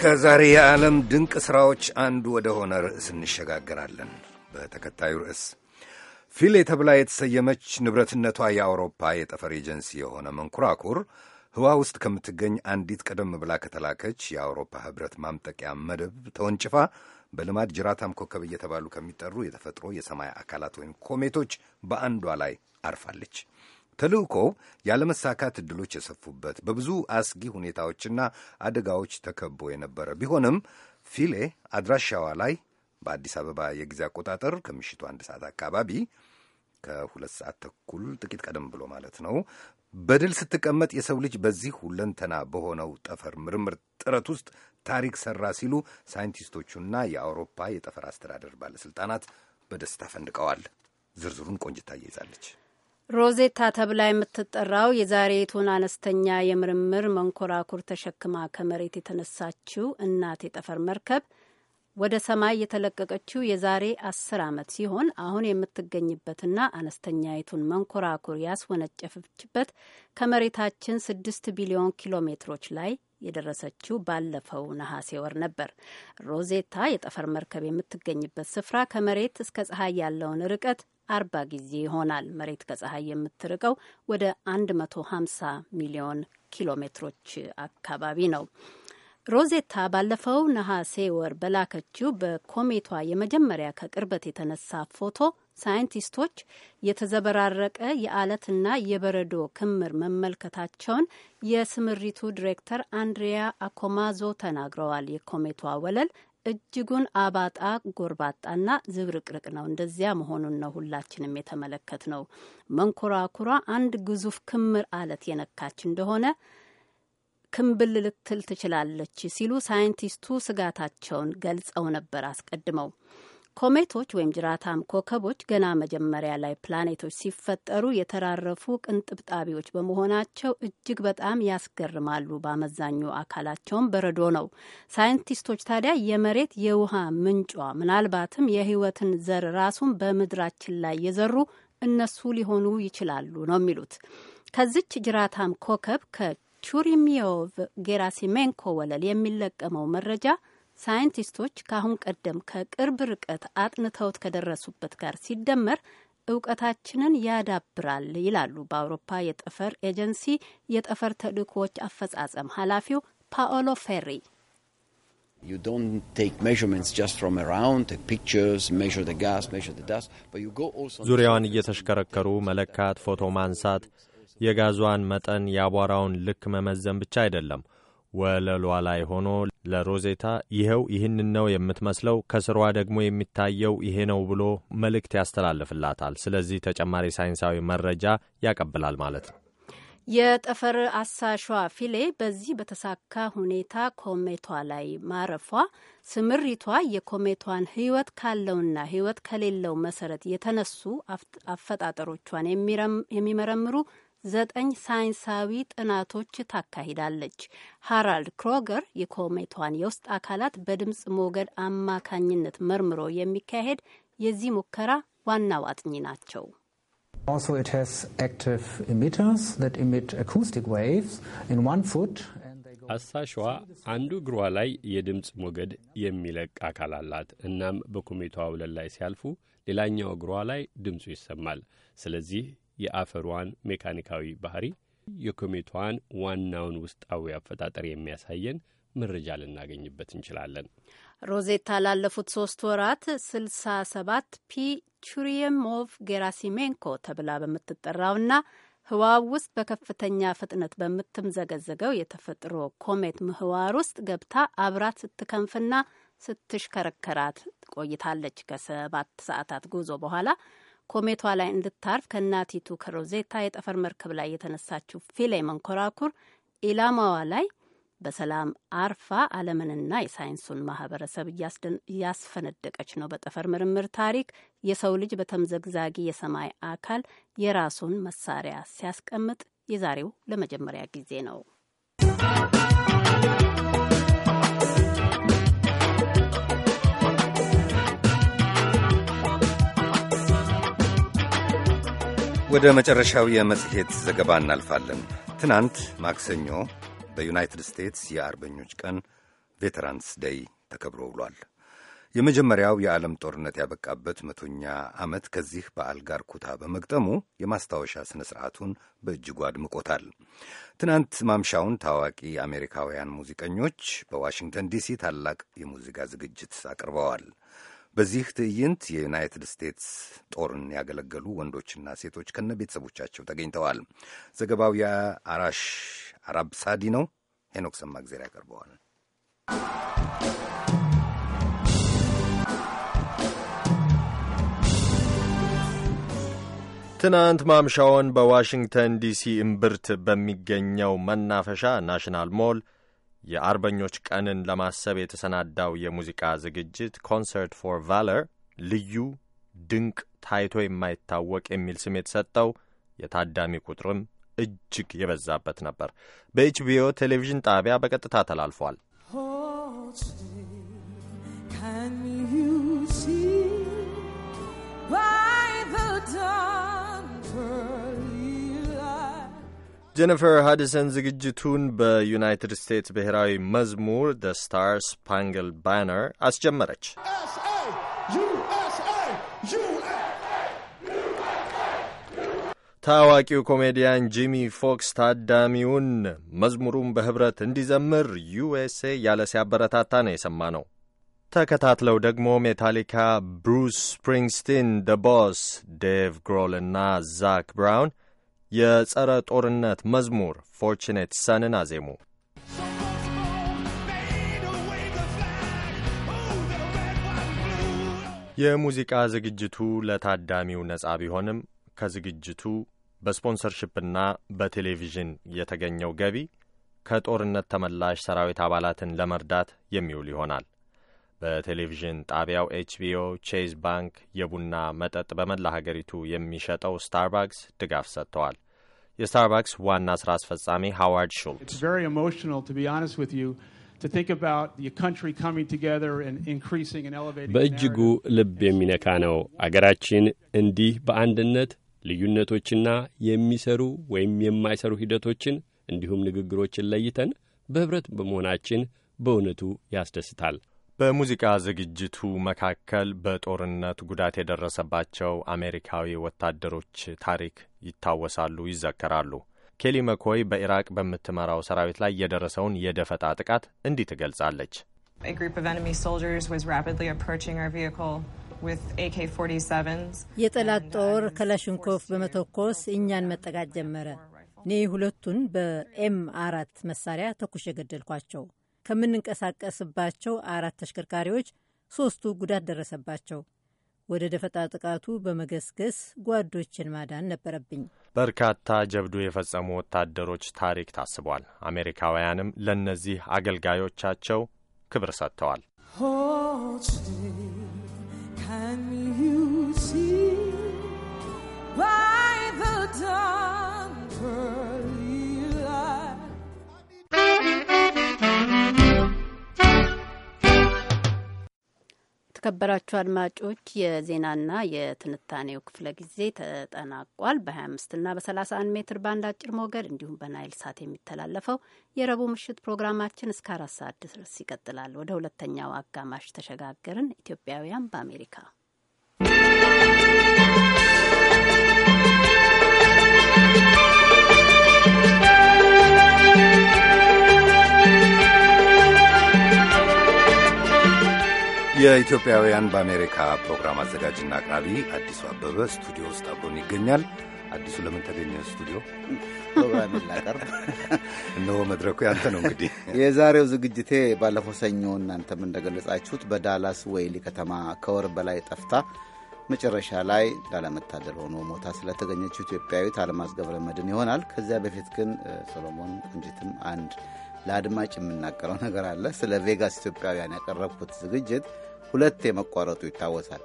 ከዛሬ የዓለም ድንቅ ሥራዎች አንዱ ወደ ሆነ ርዕስ እንሸጋገራለን። በተከታዩ ርዕስ ፊሌ ተብላ የተሰየመች ንብረትነቷ የአውሮፓ የጠፈር ኤጀንሲ የሆነ መንኮራኩር ህዋ ውስጥ ከምትገኝ አንዲት ቀደም ብላ ከተላከች የአውሮፓ ህብረት ማምጠቂያ መደብ ተወንጭፋ በልማድ ጅራታም ኮከብ እየተባሉ ከሚጠሩ የተፈጥሮ የሰማይ አካላት ወይም ኮሜቶች በአንዷ ላይ አርፋለች። ተልእኮ ያለመሳካት እድሎች የሰፉበት በብዙ አስጊ ሁኔታዎችና አደጋዎች ተከቦ የነበረ ቢሆንም ፊሌ አድራሻዋ ላይ በአዲስ አበባ የጊዜ አቆጣጠር ከምሽቱ አንድ ሰዓት አካባቢ ከሁለት ሰዓት ተኩል ጥቂት ቀደም ብሎ ማለት ነው። በድል ስትቀመጥ የሰው ልጅ በዚህ ሁለንተና በሆነው ጠፈር ምርምር ጥረት ውስጥ ታሪክ ሰራ ሲሉ ሳይንቲስቶቹና የአውሮፓ የጠፈር አስተዳደር ባለስልጣናት በደስታ ፈንድቀዋል። ዝርዝሩን ቆንጅታ እየይዛለች። ሮዜታ ተብላ የምትጠራው የዛሬቱን አነስተኛ የምርምር መንኮራኩር ተሸክማ ከመሬት የተነሳችው እናት የጠፈር መርከብ ወደ ሰማይ የተለቀቀችው የዛሬ አስር ዓመት ሲሆን አሁን የምትገኝበትና አነስተኛይቱን መንኮራኩር ያስወነጨፈችበት ከመሬታችን ስድስት ቢሊዮን ኪሎ ሜትሮች ላይ የደረሰችው ባለፈው ነሐሴ ወር ነበር። ሮዜታ የጠፈር መርከብ የምትገኝበት ስፍራ ከመሬት እስከ ፀሐይ ያለውን ርቀት አርባ ጊዜ ይሆናል። መሬት ከፀሐይ የምትርቀው ወደ 1መቶ ሀምሳ ሚሊዮን ኪሎ ሜትሮች አካባቢ ነው። ሮዜታ ባለፈው ነሐሴ ወር በላከችው በኮሜቷ የመጀመሪያ ከቅርበት የተነሳ ፎቶ ሳይንቲስቶች የተዘበራረቀ የአለትና የበረዶ ክምር መመልከታቸውን የስምሪቱ ዲሬክተር አንድሪያ አኮማዞ ተናግረዋል። የኮሜቷ ወለል እጅጉን አባጣ ጎርባጣና ዝብርቅርቅ ነው። እንደዚያ መሆኑን ነው ሁላችንም የተመለከት ነው። መንኮራኩሯ አንድ ግዙፍ ክምር አለት የነካች እንደሆነ ክምብል ልትል ትችላለች ሲሉ ሳይንቲስቱ ስጋታቸውን ገልጸው ነበር አስቀድመው። ኮሜቶች ወይም ጅራታም ኮከቦች ገና መጀመሪያ ላይ ፕላኔቶች ሲፈጠሩ የተራረፉ ቅንጥብጣቢዎች በመሆናቸው እጅግ በጣም ያስገርማሉ። በአመዛኙ አካላቸውም በረዶ ነው። ሳይንቲስቶች ታዲያ የመሬት የውሃ ምንጯ ምናልባትም የሕይወትን ዘር ራሱን በምድራችን ላይ የዘሩ እነሱ ሊሆኑ ይችላሉ ነው የሚሉት። ከዚች ጅራታም ኮከብ ቹሪሚዮቭ ጌራሲሜንኮ ወለል የሚለቀመው መረጃ ሳይንቲስቶች ከአሁን ቀደም ከቅርብ ርቀት አጥንተውት ከደረሱበት ጋር ሲደመር እውቀታችንን ያዳብራል ይላሉ በአውሮፓ የጠፈር ኤጀንሲ የጠፈር ተልእኮዎች አፈጻጸም ኃላፊው ፓኦሎ ፌሪ። ዙሪያዋን እየተሽከረከሩ መለካት፣ ፎቶ ማንሳት የጋዟን መጠን የአቧራውን ልክ መመዘን ብቻ አይደለም። ወለሏ ላይ ሆኖ ለሮዜታ ይኸው ይህንን ነው የምትመስለው፣ ከስሯ ደግሞ የሚታየው ይሄ ነው ብሎ መልእክት ያስተላልፍላታል። ስለዚህ ተጨማሪ ሳይንሳዊ መረጃ ያቀብላል ማለት ነው። የጠፈር አሳሿ ፊሌ በዚህ በተሳካ ሁኔታ ኮሜቷ ላይ ማረፏ ስምሪቷ የኮሜቷን ሕይወት ካለውና ሕይወት ከሌለው መሰረት የተነሱ አፈጣጠሮቿን የሚመረምሩ ዘጠኝ ሳይንሳዊ ጥናቶች ታካሂዳለች። ሃራልድ ክሮገር የኮሜቷን የውስጥ አካላት በድምፅ ሞገድ አማካኝነት መርምሮ የሚካሄድ የዚህ ሙከራ ዋናው አጥኚ ናቸው። አሳሿ አንዱ እግሯ ላይ የድምፅ ሞገድ የሚለቅ አካል አላት። እናም በኮሜቷ ወለል ላይ ሲያልፉ ሌላኛው እግሯ ላይ ድምፁ ይሰማል። ስለዚህ የአፈሯን ሜካኒካዊ ባህሪ የኮሜቷን ዋናውን ውስጣዊ አፈጣጠር የሚያሳየን መረጃ ልናገኝበት እንችላለን። ሮዜታ ላለፉት ሶስት ወራት ስልሳ ሰባት ፒ ቹሪየሞቭ ጌራሲሜንኮ ተብላ በምትጠራውና ህዋ ውስጥ በከፍተኛ ፍጥነት በምትምዘገዘገው የተፈጥሮ ኮሜት ምህዋር ውስጥ ገብታ አብራት ስትከንፍና ስትሽከረከራት ቆይታለች። ከሰባት ሰዓታት ጉዞ በኋላ ኮሜቷ ላይ እንድታርፍ ከእናቲቱ ከሮዜታ የጠፈር መርከብ ላይ የተነሳችው ፊሌ መንኮራኩር ኢላማዋ ላይ በሰላም አርፋ ዓለምንና የሳይንሱን ማህበረሰብ እያስፈነደቀች ነው። በጠፈር ምርምር ታሪክ የሰው ልጅ በተምዘግዛጊ የሰማይ አካል የራሱን መሳሪያ ሲያስቀምጥ የዛሬው ለመጀመሪያ ጊዜ ነው። ወደ መጨረሻው የመጽሔት ዘገባ እናልፋለን። ትናንት ማክሰኞ በዩናይትድ ስቴትስ የአርበኞች ቀን ቬተራንስ ደይ ተከብሮ ውሏል። የመጀመሪያው የዓለም ጦርነት ያበቃበት መቶኛ ዓመት ከዚህ በዓል ጋር ኩታ በመግጠሙ የማስታወሻ ሥነ ሥርዓቱን በእጅጉ አድምቆታል። ትናንት ማምሻውን ታዋቂ አሜሪካውያን ሙዚቀኞች በዋሽንግተን ዲሲ ታላቅ የሙዚቃ ዝግጅት አቅርበዋል። በዚህ ትዕይንት የዩናይትድ ስቴትስ ጦርን ያገለገሉ ወንዶችና ሴቶች ከነ ቤተሰቦቻቸው ተገኝተዋል። ዘገባው የአራሽ አራብ ሳዲ ነው። ሄኖክ ሰማግዜር ያቀርበዋል። ትናንት ማምሻውን በዋሽንግተን ዲሲ እምብርት በሚገኘው መናፈሻ ናሽናል ሞል የአርበኞች ቀንን ለማሰብ የተሰናዳው የሙዚቃ ዝግጅት ኮንሰርት ፎር ቫለር ልዩ ድንቅ ታይቶ የማይታወቅ የሚል ስም የተሰጠው የታዳሚ ቁጥርም እጅግ የበዛበት ነበር። በኤችቢኦ ቴሌቪዥን ጣቢያ በቀጥታ ተላልፏል። Oh, ጀነፈር ሃዲሰን ዝግጅቱን በዩናይትድ ስቴትስ ብሔራዊ መዝሙር ደ ስታር ስፓንግል ባነር አስጀመረች። ታዋቂው ኮሜዲያን ጂሚ ፎክስ ታዳሚውን መዝሙሩን በኅብረት እንዲዘምር ዩኤስኤ ያለ ሲያበረታታ ነው ነው። ተከታትለው ደግሞ ሜታሊካ፣ ብሩስ ስፕሪንግስቲን፣ ደ ቦስ፣ ዴቭ ግሮል እና ዛክ ብራውን የጸረ ጦርነት መዝሙር ፎርችኔት ሰንን አዜሙ። የሙዚቃ ዝግጅቱ ለታዳሚው ነጻ ቢሆንም ከዝግጅቱ በስፖንሰርሽፕና በቴሌቪዥን የተገኘው ገቢ ከጦርነት ተመላሽ ሰራዊት አባላትን ለመርዳት የሚውል ይሆናል። በቴሌቪዥን ጣቢያው ኤችቢኦ ቼዝ ባንክ የቡና መጠጥ በመላ ሀገሪቱ የሚሸጠው ስታርባክስ ድጋፍ ሰጥተዋል። የስታርባክስ ዋና ስራ አስፈጻሚ ሃዋርድ ሹልትስ በእጅጉ ልብ የሚነካ ነው። አገራችን እንዲህ በአንድነት ልዩነቶችና የሚሰሩ ወይም የማይሰሩ ሂደቶችን እንዲሁም ንግግሮችን ለይተን በኅብረት በመሆናችን በእውነቱ ያስደስታል። በሙዚቃ ዝግጅቱ መካከል በጦርነት ጉዳት የደረሰባቸው አሜሪካዊ ወታደሮች ታሪክ ይታወሳሉ፣ ይዘከራሉ። ኬሊ መኮይ በኢራቅ በምትመራው ሰራዊት ላይ የደረሰውን የደፈጣ ጥቃት እንዲህ ትገልጻለች። የጠላት uh, ጦር ከላሽንኮፍ በመተኮስ እኛን መጠጋት ጀመረ። እኔ ሁለቱን በኤም አራት መሳሪያ ተኩሽ የገደልኳቸው ከምንንቀሳቀስባቸው አራት ተሽከርካሪዎች ሶስቱ ጉዳት ደረሰባቸው። ወደ ደፈጣ ጥቃቱ በመገስገስ ጓዶችን ማዳን ነበረብኝ። በርካታ ጀብዱ የፈጸሙ ወታደሮች ታሪክ ታስቧል። አሜሪካውያንም ለእነዚህ አገልጋዮቻቸው ክብር ሰጥተዋል። By the dawn የተከበራችሁ አድማጮች የዜናና የትንታኔው ክፍለ ጊዜ ተጠናቋል። በ25ና በ31 ሜትር ባንድ አጭር ሞገድ እንዲሁም በናይል ሳት የሚተላለፈው የረቡዕ ምሽት ፕሮግራማችን እስከ አራት ሰዓት ድረስ ይቀጥላል። ወደ ሁለተኛው አጋማሽ ተሸጋገርን። ኢትዮጵያውያን በአሜሪካ የኢትዮጵያውያን በአሜሪካ ፕሮግራም አዘጋጅና አቅራቢ አዲሱ አበበ ስቱዲዮ ውስጥ አብሮን ይገኛል። አዲሱ ለምን ተገኘ ስቱዲዮ? ፕሮግራም ላቀርብ እነሆ መድረኩ ያንተ ነው። እንግዲህ የዛሬው ዝግጅቴ ባለፈው ሰኞ እናንተም እንደገለጻችሁት በዳላስ ወይሊ ከተማ ከወር በላይ ጠፍታ መጨረሻ ላይ ላለመታደል ሆኖ ሞታ ስለተገኘችው ኢትዮጵያዊት አልማዝ ገብረ መድን ይሆናል። ከዚያ በፊት ግን ሰሎሞን እንጂትም አንድ ለአድማጭ የምናገረው ነገር አለ። ስለ ቬጋስ ኢትዮጵያውያን ያቀረብኩት ዝግጅት ሁለት የመቋረጡ ይታወሳል።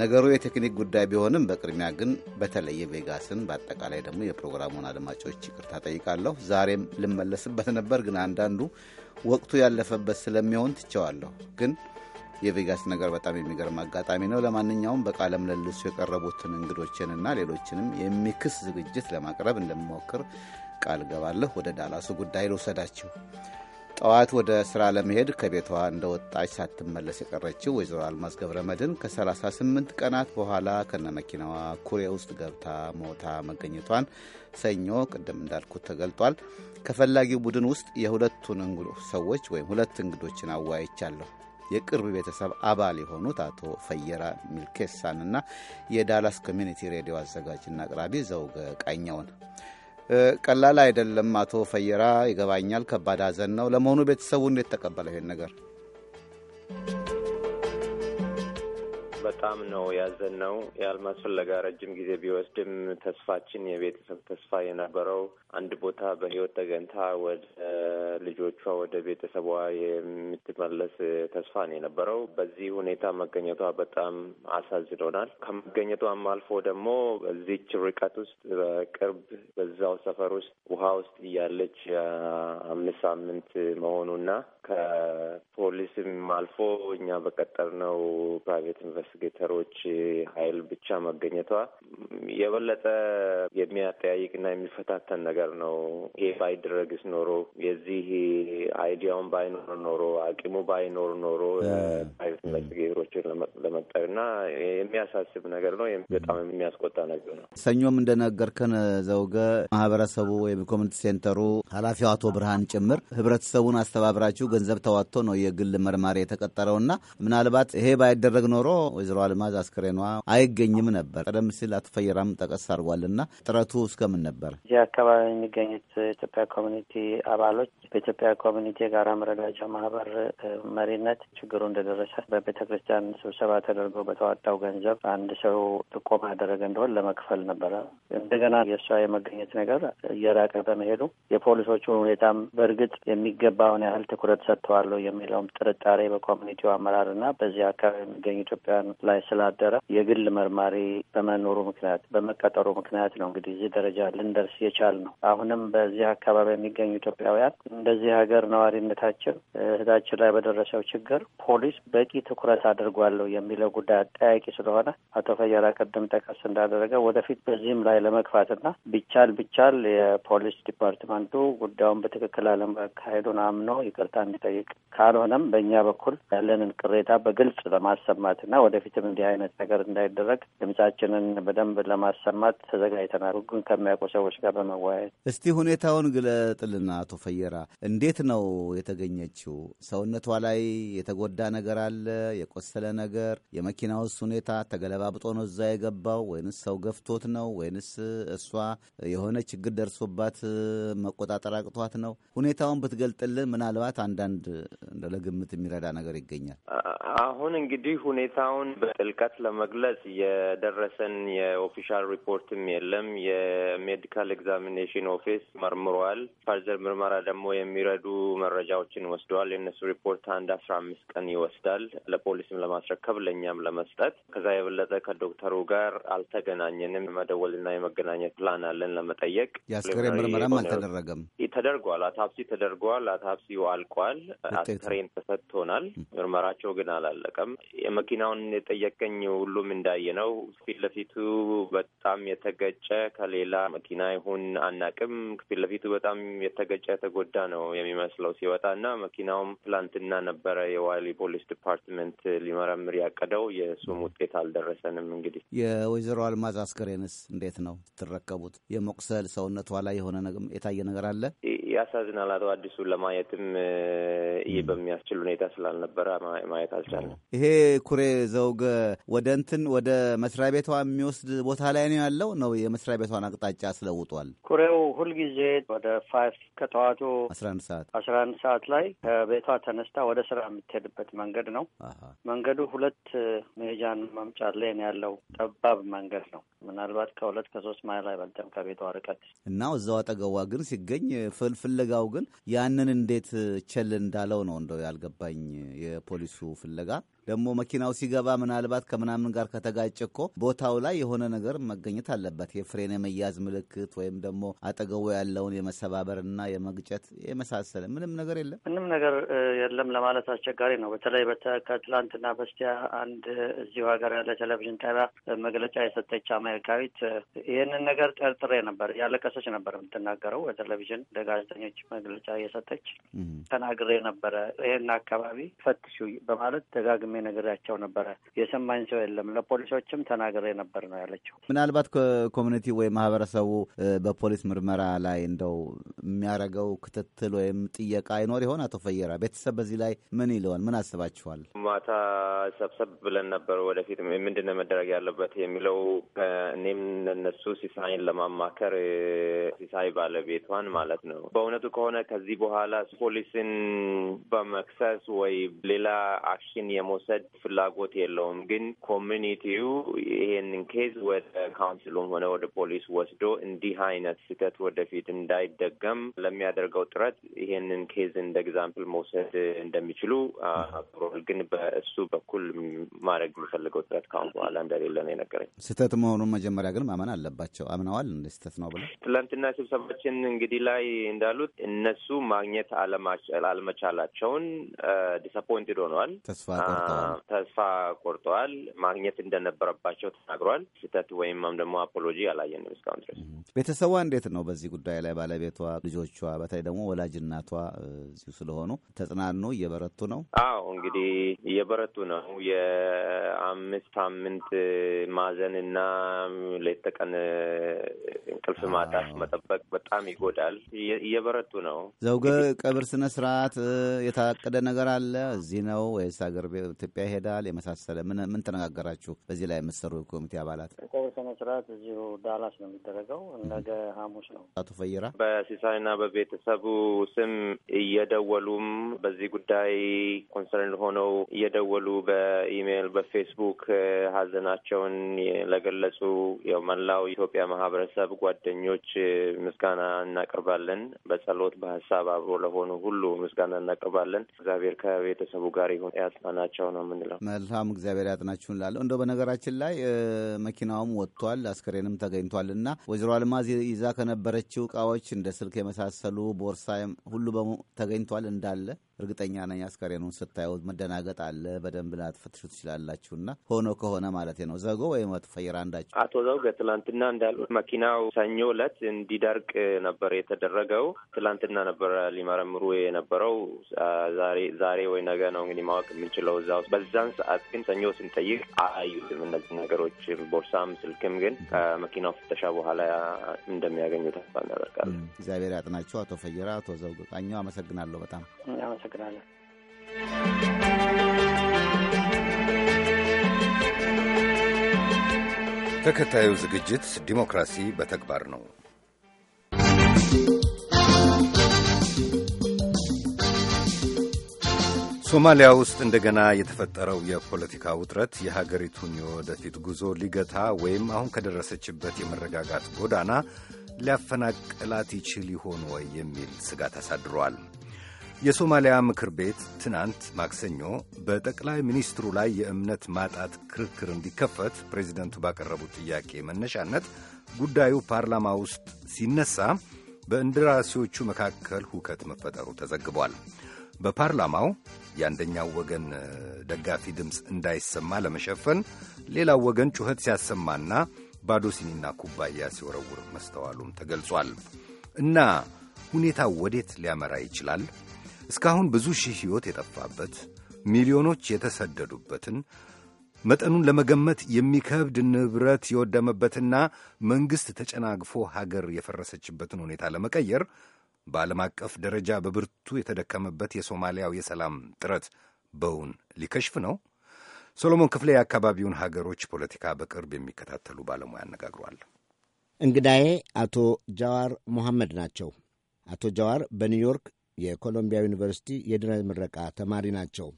ነገሩ የቴክኒክ ጉዳይ ቢሆንም በቅድሚያ ግን በተለይ ቬጋስን በአጠቃላይ ደግሞ የፕሮግራሙን አድማጮች ይቅርታ ጠይቃለሁ። ዛሬም ልመለስበት ነበር፣ ግን አንዳንዱ ወቅቱ ያለፈበት ስለሚሆን ትቸዋለሁ። ግን የቬጋስ ነገር በጣም የሚገርም አጋጣሚ ነው። ለማንኛውም በቃለ ምልልሱ የቀረቡትን እንግዶችንና ሌሎችንም የሚክስ ዝግጅት ለማቅረብ እንደምሞክር ቃል ገባለሁ። ወደ ዳላሱ ጉዳይ ልውሰዳችሁ። ጠዋት ወደ ሥራ ለመሄድ ከቤቷ እንደወጣች ሳትመለስ የቀረችው ወይዘሮ አልማዝ ገብረ መድን ከ38 ቀናት በኋላ ከነመኪናዋ ኩሬ ውስጥ ገብታ ሞታ መገኘቷን ሰኞ ቅድም እንዳልኩት ተገልጧል። ከፈላጊው ቡድን ውስጥ የሁለቱን ሰዎች ወይም ሁለት እንግዶችን አዋይቻለሁ። የቅርብ ቤተሰብ አባል የሆኑት አቶ ፈየራ ሚልኬሳንና የዳላስ ኮሚኒቲ ሬዲዮ አዘጋጅና አቅራቢ ዘውገ ቃኘውን ቀላል አይደለም። አቶ ፈየራ ይገባኛል። ከባድ ሀዘን ነው። ለመሆኑ ቤተሰቡ እንዴት ተቀበለው ይሄን ነገር? በጣም ነው ያዘን ነው። የአልማዝ ፍለጋ ረጅም ጊዜ ቢወስድም ተስፋችን የቤተሰብ ተስፋ የነበረው አንድ ቦታ በህይወት ተገኝታ ወደ ልጆቿ ወደ ቤተሰቧ የምትመለስ ተስፋ ነው የነበረው። በዚህ ሁኔታ መገኘቷ በጣም አሳዝኖናል። ከመገኘቷም አልፎ ደግሞ በዚች ርቀት ውስጥ በቅርብ በዛው ሰፈር ውስጥ ውሃ ውስጥ እያለች አምስት ሳምንት መሆኑና ከፖሊስም አልፎ እኛ በቀጠርነው ፕራይቬት ኢንቨስቲጌት ሞኒተሮች ኃይል ብቻ መገኘቷ የበለጠ የሚያጠያይቅና የሚፈታተን ነገር ነው። ይሄ ባይደረግስ ኖሮ የዚህ አይዲያውን ባይኖር ኖሮ አቂሙ ባይኖር ኖሮ ፕራይቬት ኢንቨስቲጌተሮችን ለመቅጠር እና የሚያሳስብ ነገር ነው። በጣም የሚያስቆጣ ነገር ነው። ሰኞም እንደነገርከን ዘውገ ማህበረሰቡ ወይም ኮሚኒቲ ሴንተሩ ኃላፊው አቶ ብርሃን ጭምር ህብረተሰቡን አስተባብራችሁ ገንዘብ ተዋጥቶ ነው የግል መርማሪ የተቀጠረውና ምናልባት ይሄ ባይደረግ ኖሮ ወይዘሮ አልማዝ አስክሬኗ አይገኝም ነበር። ቀደም ሲል አቶ ጠቀስ አድርጓልና ጥረቱ እስከምን ነበር? እዚህ አካባቢ የሚገኙት ኢትዮጵያ ኮሚኒቲ አባሎች በኢትዮጵያ ኮሚኒቲ የጋራ መረዳጃ ማህበር መሪነት ችግሩ እንደደረሰ በቤተ ክርስቲያን ስብሰባ ተደርጎ በተዋጣው ገንዘብ አንድ ሰው ጥቆማ ያደረገ እንደሆን ለመክፈል ነበረ። እንደገና የእሷ የመገኘት ነገር እየራቀ በመሄዱ የፖሊሶቹ ሁኔታም በእርግጥ የሚገባውን ያህል ትኩረት ሰጥተዋለሁ የሚለውም ጥርጣሬ በኮሚኒቲው አመራር እና በዚህ አካባቢ የሚገኙ ኢትዮጵያውያን ላይ ላይ ስላደረ የግል መርማሪ በመኖሩ ምክንያት በመቀጠሩ ምክንያት ነው እንግዲህ እዚህ ደረጃ ልንደርስ የቻል ነው። አሁንም በዚህ አካባቢ የሚገኙ ኢትዮጵያውያን እንደዚህ ሀገር ነዋሪነታችን እህታችን ላይ በደረሰው ችግር ፖሊስ በቂ ትኩረት አድርጓለሁ የሚለው ጉዳይ አጠያቂ ስለሆነ አቶ ፈየራ ቅድም ጠቀስ እንዳደረገ ወደፊት በዚህም ላይ ለመግፋትና ቢቻል ቢቻል የፖሊስ ዲፓርትመንቱ ጉዳዩን በትክክል አለመካሄዱን አምኖ ይቅርታ እንዲጠይቅ ካልሆነም በእኛ በኩል ያለንን ቅሬታ በግልጽ ለማሰማትና ወደፊት ወደፊትም እንዲህ አይነት ነገር እንዳይደረግ ድምጻችንን በደንብ ለማሰማት ተዘጋጅተናል። ህጉን ከሚያውቁ ሰዎች ጋር በመወያየት እስቲ ሁኔታውን ግለጥልና፣ አቶ ፈየራ እንዴት ነው የተገኘችው? ሰውነቷ ላይ የተጎዳ ነገር አለ? የቆሰለ ነገር? የመኪናውስ ሁኔታ ተገለባብጦ ነው እዛ የገባው ወይንስ ሰው ገፍቶት ነው ወይንስ እሷ የሆነ ችግር ደርሶባት መቆጣጠር አቅቷት ነው? ሁኔታውን ብትገልጥልን ምናልባት አንዳንድ ለግምት የሚረዳ ነገር ይገኛል። አሁን እንግዲህ ሁኔታውን በጥልቀት ለመግለጽ የደረሰን የኦፊሻል ሪፖርትም የለም። የሜዲካል ኤግዛሚኔሽን ኦፊስ መርምሯል። ፋርዘር ምርመራ ደግሞ የሚረዱ መረጃዎችን ወስደዋል። የእነሱ ሪፖርት አንድ አስራ አምስት ቀን ይወስዳል ለፖሊስም ለማስረከብ ለእኛም ለመስጠት። ከዛ የበለጠ ከዶክተሩ ጋር አልተገናኘንም። መደወልና የመገናኘት ፕላን አለን ለመጠየቅ። የአስክሬን ምርመራም አልተደረገም። ተደርጓል። አታፕሲ ተደርጓል። አታፕሲው አልቋል። አስክሬን ተሰጥቶናል። ምርመራቸው ግን አላለቀም። የመኪናውን እንደጠየቀኝ ሁሉም እንዳየ ነው። ፊት ለፊቱ በጣም የተገጨ ከሌላ መኪና ይሁን አናቅም፣ ፊት ለፊቱ በጣም የተገጨ የተጎዳ ነው የሚመስለው ሲወጣ እና መኪናውም ትላንትና ነበረ የዋሊ ፖሊስ ዲፓርትመንት ሊመረምር ያቀደው የሱም ውጤት አልደረሰንም። እንግዲህ የወይዘሮ አልማዝ አስክሬንስ እንዴት ነው ስትረከቡት? የመቁሰል ሰውነቷ ላይ የሆነ የታየ ነገር አለ? ያሳዝናል። አቶ አዲሱ ለማየትም ይህ በሚያስችል ሁኔታ ስላልነበረ ማየት አልቻለም። ይሄ ኩሬ ዘውግ ወደ እንትን ወደ መስሪያ ቤቷ የሚወስድ ቦታ ላይ ነው ያለው ነው የመስሪያ ቤቷን አቅጣጫ አስለውጧል። ኩሬው ሁልጊዜ ወደ ፋይፍ ከጠዋቱ አስራ አንድ ሰዓት አስራ አንድ ሰዓት ላይ ከቤቷ ተነስታ ወደ ስራ የምትሄድበት መንገድ ነው። መንገዱ ሁለት መሄጃን ማምጫ ነው ያለው ጠባብ መንገድ ነው። ምናልባት ከሁለት ከሶስት ማይል አይበልጥም ከቤቷ ርቀት እና እዛው አጠገቧ ግን ሲገኝ ፍለጋው ግን ያንን እንዴት ቸል እንዳለው ነው እንደው ያልገባኝ የፖሊሱ ፍለጋ ደግሞ መኪናው ሲገባ ምናልባት ከምናምን ጋር ከተጋጨ እኮ ቦታው ላይ የሆነ ነገር መገኘት አለበት። የፍሬን የመያዝ ምልክት ወይም ደግሞ አጠገቡ ያለውን የመሰባበርና የመግጨት የመሳሰለ ምንም ነገር የለም። ምንም ነገር የለም ለማለት አስቸጋሪ ነው። በተለይ ከትላንትና በስቲያ አንድ እዚሁ ሀገር ያለ ቴሌቪዥን ጣቢያ መግለጫ የሰጠች አሜሪካዊት ይህንን ነገር ጠርጥሬ ነበር። ያለቀሰች ነበር የምትናገረው በቴሌቪዥን ለጋዜጠኞች መግለጫ እየሰጠች ተናግሬ ነበረ። ይህን አካባቢ ፈትሹ በማለት ደጋግሜ ደጋግሜ ነግሬያቸው ነበረ። የሰማኝ ሰው የለም፣ ለፖሊሶችም ተናግሬ ነበር ነው ያለችው። ምናልባት ኮሚኒቲ ወይም ማህበረሰቡ በፖሊስ ምርመራ ላይ እንደው የሚያደርገው ክትትል ወይም ጥየቃ አይኖር ይሆን? አቶ ፈየራ ቤተሰብ በዚህ ላይ ምን ይለዋል? ምን አስባችኋል? ማታ ሰብሰብ ብለን ነበር። ወደፊት ምንድን ነው መደረግ ያለበት የሚለው እኔም እነሱ ሲሳይን ለማማከር ሲሳይ ባለቤቷን ማለት ነው። በእውነቱ ከሆነ ከዚህ በኋላ ፖሊስን በመክሰስ ወይ ሌላ አክሽን የሞስ የመውሰድ ፍላጎት የለውም። ግን ኮሚኒቲው ይሄንን ኬዝ ወደ ካውንስሉም ሆነ ወደ ፖሊስ ወስዶ እንዲህ አይነት ስህተት ወደፊት እንዳይደገም ለሚያደርገው ጥረት ይሄንን ኬዝ እንደ ኤግዛምፕል መውሰድ እንደሚችሉ ብሮል። ግን በእሱ በኩል ማድረግ የሚፈልገው ጥረት ካሁን በኋላ እንደሌለ ነው የነገረኝ። ስህተት መሆኑን መጀመሪያ ግን ማመን አለባቸው። አምነዋል እንደ ስህተት ነው ብለ ትላንትና ስብሰባችን እንግዲህ ላይ እንዳሉት እነሱ ማግኘት አለመቻላቸውን ዲስአፖይንትድ ሆነዋል። ተስፋ ተስፋ ቆርጠዋል። ማግኘት እንደነበረባቸው ተናግሯል። ስህተት ወይም ደግሞ አፖሎጂ አላየንም እስካሁን ድረስ። ቤተሰቧ እንዴት ነው በዚህ ጉዳይ ላይ ባለቤቷ፣ ልጆቿ፣ በተለይ ደግሞ ወላጅ እናቷ እዚሁ ስለሆኑ ተጽናኑ? እየበረቱ ነው? አዎ እንግዲህ እየበረቱ ነው። የአምስት ሳምንት ማዘን እና ሌት ተቀን እንቅልፍ ማጣት መጠበቅ በጣም ይጎዳል። እየበረቱ ነው። ዘውግ ቀብር ስነ ስርዓት የታቀደ ነገር አለ እዚህ ነው ወይስ አገር ቤት ኢትዮጵያ ይሄዳል የመሳሰለ ምን ምን ተነጋገራችሁ? በዚህ ላይ የምትሰሩ የኮሚቴ አባላት ቀብር ስነ ስርዓት እዚሁ ዳላስ ነው የሚደረገው። ነገ ሐሙስ ነው። አቶ ፈየራ በሲሳይና በቤተሰቡ ስም እየደወሉም በዚህ ጉዳይ ኮንሰርን ሆነው እየደወሉ በኢሜይል በፌስቡክ ሀዘናቸውን ለገለጹ የመላው ኢትዮጵያ ማህበረሰብ ጓደኞች ምስጋና እናቀርባለን። በጸሎት በሀሳብ አብሮ ለሆኑ ሁሉ ምስጋና እናቀርባለን። እግዚአብሔር ከቤተሰቡ ጋር ይሁን፣ ያጽናናቸው፣ ነው የምንለው። መልካም እግዚአብሔር ያጥናችሁን ላለው እንደው በነገራችን ላይ መኪናውም ወጥቷል፣ አስክሬንም ተገኝቷል እና ወይዘሮ አልማዝ ይዛ ከነበረችው እቃዎች እንደ ስልክ የመሳሰሉ ቦርሳ ሁሉ ተገኝቷል እንዳለ እርግጠኛ ነኝ አስከሬኑን ስታየው መደናገጥ አለ። በደንብ ላትፈትሹ ትችላላችሁና ሆኖ ከሆነ ማለት ነው። ዘጎ ወይም መትፈይር አንዳችሁ አቶ ዘውገ ትላንትና እንዳሉት መኪናው ሰኞ ዕለት እንዲደርቅ ነበር የተደረገው። ትላንትና ነበረ ሊመረምሩ የነበረው ዛሬ ዛሬ ወይ ነገ ነው እንግዲህ ማወቅ የምንችለው እዛ ውስጥ። በዛን ሰዓት ግን ሰኞ ስንጠይቅ አላዩትም እነዚህ ነገሮች፣ ቦርሳም ስልክም። ግን ከመኪናው ፍተሻ በኋላ እንደሚያገኙ ተስፋ እናደርጋለን። እግዚአብሔር ያጥናቸው። አቶ ፈየራ፣ አቶ ዘውገ ቃኘው አመሰግናለሁ በጣም እናመሰግናለን። ተከታዩ ዝግጅት ዲሞክራሲ በተግባር ነው። ሶማሊያ ውስጥ እንደገና የተፈጠረው የፖለቲካ ውጥረት የሀገሪቱን የወደፊት ጉዞ ሊገታ ወይም አሁን ከደረሰችበት የመረጋጋት ጎዳና ሊያፈናቅላት ይችል ይሆን ወይ የሚል ስጋት አሳድሯል። የሶማሊያ ምክር ቤት ትናንት ማክሰኞ በጠቅላይ ሚኒስትሩ ላይ የእምነት ማጣት ክርክር እንዲከፈት ፕሬዚደንቱ ባቀረቡት ጥያቄ መነሻነት ጉዳዩ ፓርላማ ውስጥ ሲነሳ በእንደራሴዎቹ መካከል ሁከት መፈጠሩ ተዘግቧል። በፓርላማው የአንደኛው ወገን ደጋፊ ድምፅ እንዳይሰማ ለመሸፈን ሌላው ወገን ጩኸት ሲያሰማና ባዶ ሲኒና ኩባያ ሲወረውር መስተዋሉም ተገልጿል። እና ሁኔታው ወዴት ሊያመራ ይችላል? እስካሁን ብዙ ሺህ ሕይወት የጠፋበት ሚሊዮኖች የተሰደዱበትን መጠኑን ለመገመት የሚከብድ ንብረት የወደመበትና መንግሥት ተጨናግፎ ሀገር የፈረሰችበትን ሁኔታ ለመቀየር በዓለም አቀፍ ደረጃ በብርቱ የተደከመበት የሶማሊያው የሰላም ጥረት በውን ሊከሽፍ ነው። ሶሎሞን ክፍሌ የአካባቢውን ሀገሮች ፖለቲካ በቅርብ የሚከታተሉ ባለሙያ አነጋግሯል። እንግዳዬ አቶ ጃዋር መሐመድ ናቸው። አቶ ጃዋር በኒውዮርክ የኮሎምቢያ ዩኒቨርሲቲ የድረ ምረቃ ተማሪ ናቸው።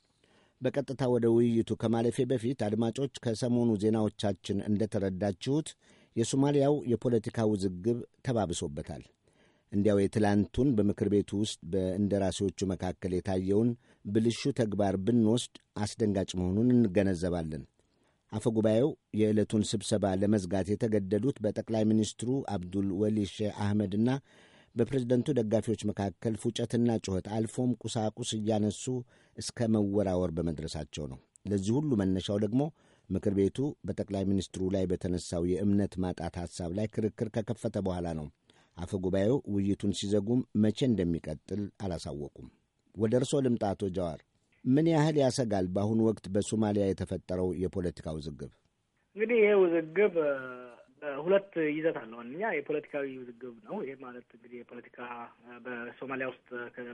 በቀጥታ ወደ ውይይቱ ከማለፌ በፊት አድማጮች፣ ከሰሞኑ ዜናዎቻችን እንደተረዳችሁት የሶማሊያው የፖለቲካ ውዝግብ ተባብሶበታል። እንዲያው የትላንቱን በምክር ቤቱ ውስጥ በእንደራሴዎቹ መካከል የታየውን ብልሹ ተግባር ብንወስድ አስደንጋጭ መሆኑን እንገነዘባለን። አፈጉባኤው የዕለቱን ስብሰባ ለመዝጋት የተገደዱት በጠቅላይ ሚኒስትሩ አብዱል ወሊ ሼህ አህመድና በፕሬዝደንቱ ደጋፊዎች መካከል ፉጨትና ጩኸት አልፎም ቁሳቁስ እያነሱ እስከ መወራወር በመድረሳቸው ነው። ለዚህ ሁሉ መነሻው ደግሞ ምክር ቤቱ በጠቅላይ ሚኒስትሩ ላይ በተነሳው የእምነት ማጣት ሐሳብ ላይ ክርክር ከከፈተ በኋላ ነው። አፈ ጉባኤው ውይይቱን ሲዘጉም መቼ እንደሚቀጥል አላሳወቁም። ወደ እርስዎ ልምጣ አቶ ጀዋር፣ ምን ያህል ያሰጋል በአሁኑ ወቅት በሶማሊያ የተፈጠረው የፖለቲካ ውዝግብ? እንግዲህ ይሄ ውዝግብ ሁለት ይዘት አለው። አንደኛ የፖለቲካዊ ውዝግብ ነው። ይህ ማለት እንግዲህ የፖለቲካ በሶማሊያ ውስጥ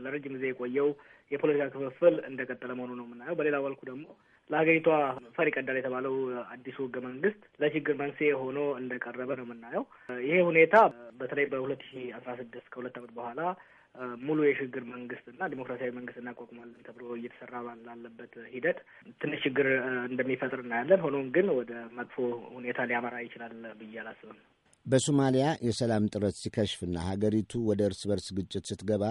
ለረጅም ጊዜ የቆየው የፖለቲካ ክፍፍል እንደቀጠለ መሆኑ ነው የምናየው። በሌላ መልኩ ደግሞ ለሀገሪቷ ፈሪ ይቀዳል የተባለው አዲሱ ህገ መንግስት ለችግር መንስኤ ሆኖ እንደቀረበ ነው የምናየው። ይሄ ሁኔታ በተለይ በሁለት ሺ አስራ ስድስት ከሁለት ዓመት በኋላ ሙሉ የሽግግር መንግስት እና ዲሞክራሲያዊ መንግስት እናቋቁማለን ተብሎ እየተሰራ ባላለበት ሂደት ትንሽ ችግር እንደሚፈጥር እናያለን። ሆኖም ግን ወደ መጥፎ ሁኔታ ሊያመራ ይችላል ብዬ አላስብም። በሶማሊያ የሰላም ጥረት ሲከሽፍና ሀገሪቱ ወደ እርስ በርስ ግጭት ስትገባ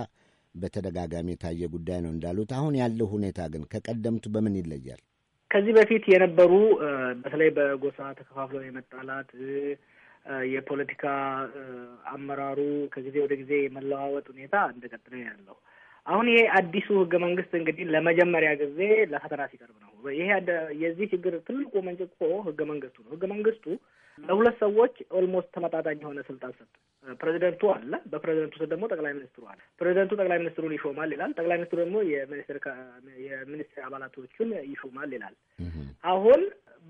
በተደጋጋሚ የታየ ጉዳይ ነው እንዳሉት። አሁን ያለው ሁኔታ ግን ከቀደምቱ በምን ይለያል? ከዚህ በፊት የነበሩ በተለይ በጎሳ ተከፋፍለው የመጣላት የፖለቲካ አመራሩ ከጊዜ ወደ ጊዜ የመለዋወጥ ሁኔታ እንደቀጥለ ያለው አሁን ይሄ አዲሱ ህገ መንግስት እንግዲህ ለመጀመሪያ ጊዜ ለፈተና ሲቀርብ ነው። ይሄ የዚህ ችግር ትልቁ ምንጭ እኮ ህገ መንግስቱ ነው። ህገ መንግስቱ ለሁለት ሰዎች ኦልሞስት ተመጣጣኝ የሆነ ስልጣን ሰጥ ፕሬዚደንቱ አለ። በፕሬዚደንቱ ስር ደግሞ ጠቅላይ ሚኒስትሩ አለ። ፕሬዚደንቱ ጠቅላይ ሚኒስትሩን ይሾማል ይላል። ጠቅላይ ሚኒስትሩ ደግሞ የሚኒስትር አባላቶቹን ይሾማል ይላል። አሁን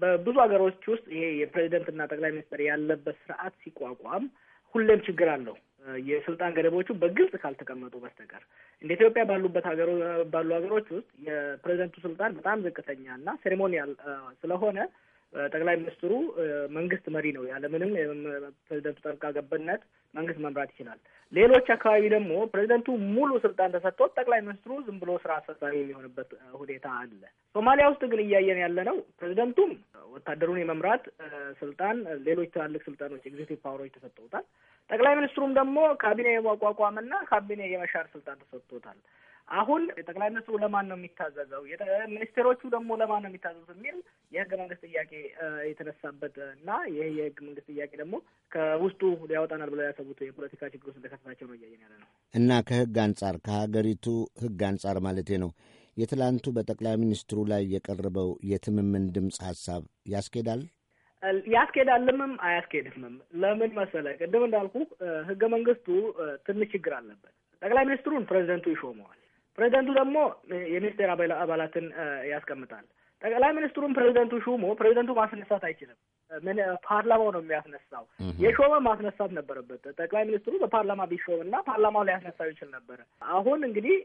በብዙ ሀገሮች ውስጥ ይሄ የፕሬዚደንትና ጠቅላይ ሚኒስትር ያለበት ስርዓት ሲቋቋም ሁሌም ችግር አለው የስልጣን ገደቦቹ በግልጽ ካልተቀመጡ በስተቀር እንደ ኢትዮጵያ ባሉበት ባሉ ሀገሮች ውስጥ የፕሬዚደንቱ ስልጣን በጣም ዝቅተኛ እና ሴሬሞኒያል ስለሆነ ጠቅላይ ሚኒስትሩ መንግስት መሪ ነው። ያለምንም ፕሬዚደንቱ ጣልቃ ገብነት መንግስት መምራት ይችላል። ሌሎች አካባቢ ደግሞ ፕሬዚደንቱ ሙሉ ስልጣን ተሰጥቶት ጠቅላይ ሚኒስትሩ ዝም ብሎ ስራ አስፈጻሚ የሚሆንበት ሁኔታ አለ። ሶማሊያ ውስጥ ግን እያየን ያለ ነው። ፕሬዚደንቱም ወታደሩን የመምራት ስልጣን፣ ሌሎች ትላልቅ ስልጣኖች ኤግዚኪቲቭ ፓወሮች ተሰጥተውታል። ጠቅላይ ሚኒስትሩም ደግሞ ካቢኔ የማቋቋምና ካቢኔ የመሻር ስልጣን ተሰጥቶታል። አሁን ጠቅላይ ሚኒስትሩ ለማን ነው የሚታዘዘው? ሚኒስቴሮቹ ደግሞ ለማን ነው የሚታዘዙት? የሚል የህገ መንግስት ጥያቄ የተነሳበት እና ይህ የህግ መንግስት ጥያቄ ደግሞ ከውስጡ ሊያወጣናል ብለው ያሰቡት የፖለቲካ ችግር ውስጥ ነው እያየን ያለ ነው እና ከህግ አንጻር ከሀገሪቱ ህግ አንጻር ማለቴ ነው የትላንቱ በጠቅላይ ሚኒስትሩ ላይ የቀረበው የትምምን ድምፅ ሀሳብ ያስኬዳል ያስኬዳልምም አያስኬድምም። ለምን መሰለ ቅድም እንዳልኩ ህገ መንግስቱ ትንሽ ችግር አለበት። ጠቅላይ ሚኒስትሩን ፕሬዚደንቱ ይሾመዋል። ፕሬዚደንቱ ደግሞ የሚኒስቴር አባላትን ያስቀምጣል። ጠቅላይ ሚኒስትሩን ፕሬዚደንቱ ሹሞ ፕሬዚደንቱ ማስነሳት አይችልም። ምን ፓርላማው ነው የሚያስነሳው። የሾመ ማስነሳት ነበረበት። ጠቅላይ ሚኒስትሩ በፓርላማ ቢሾም እና ፓርላማው ሊያስነሳው ይችል ነበረ። አሁን እንግዲህ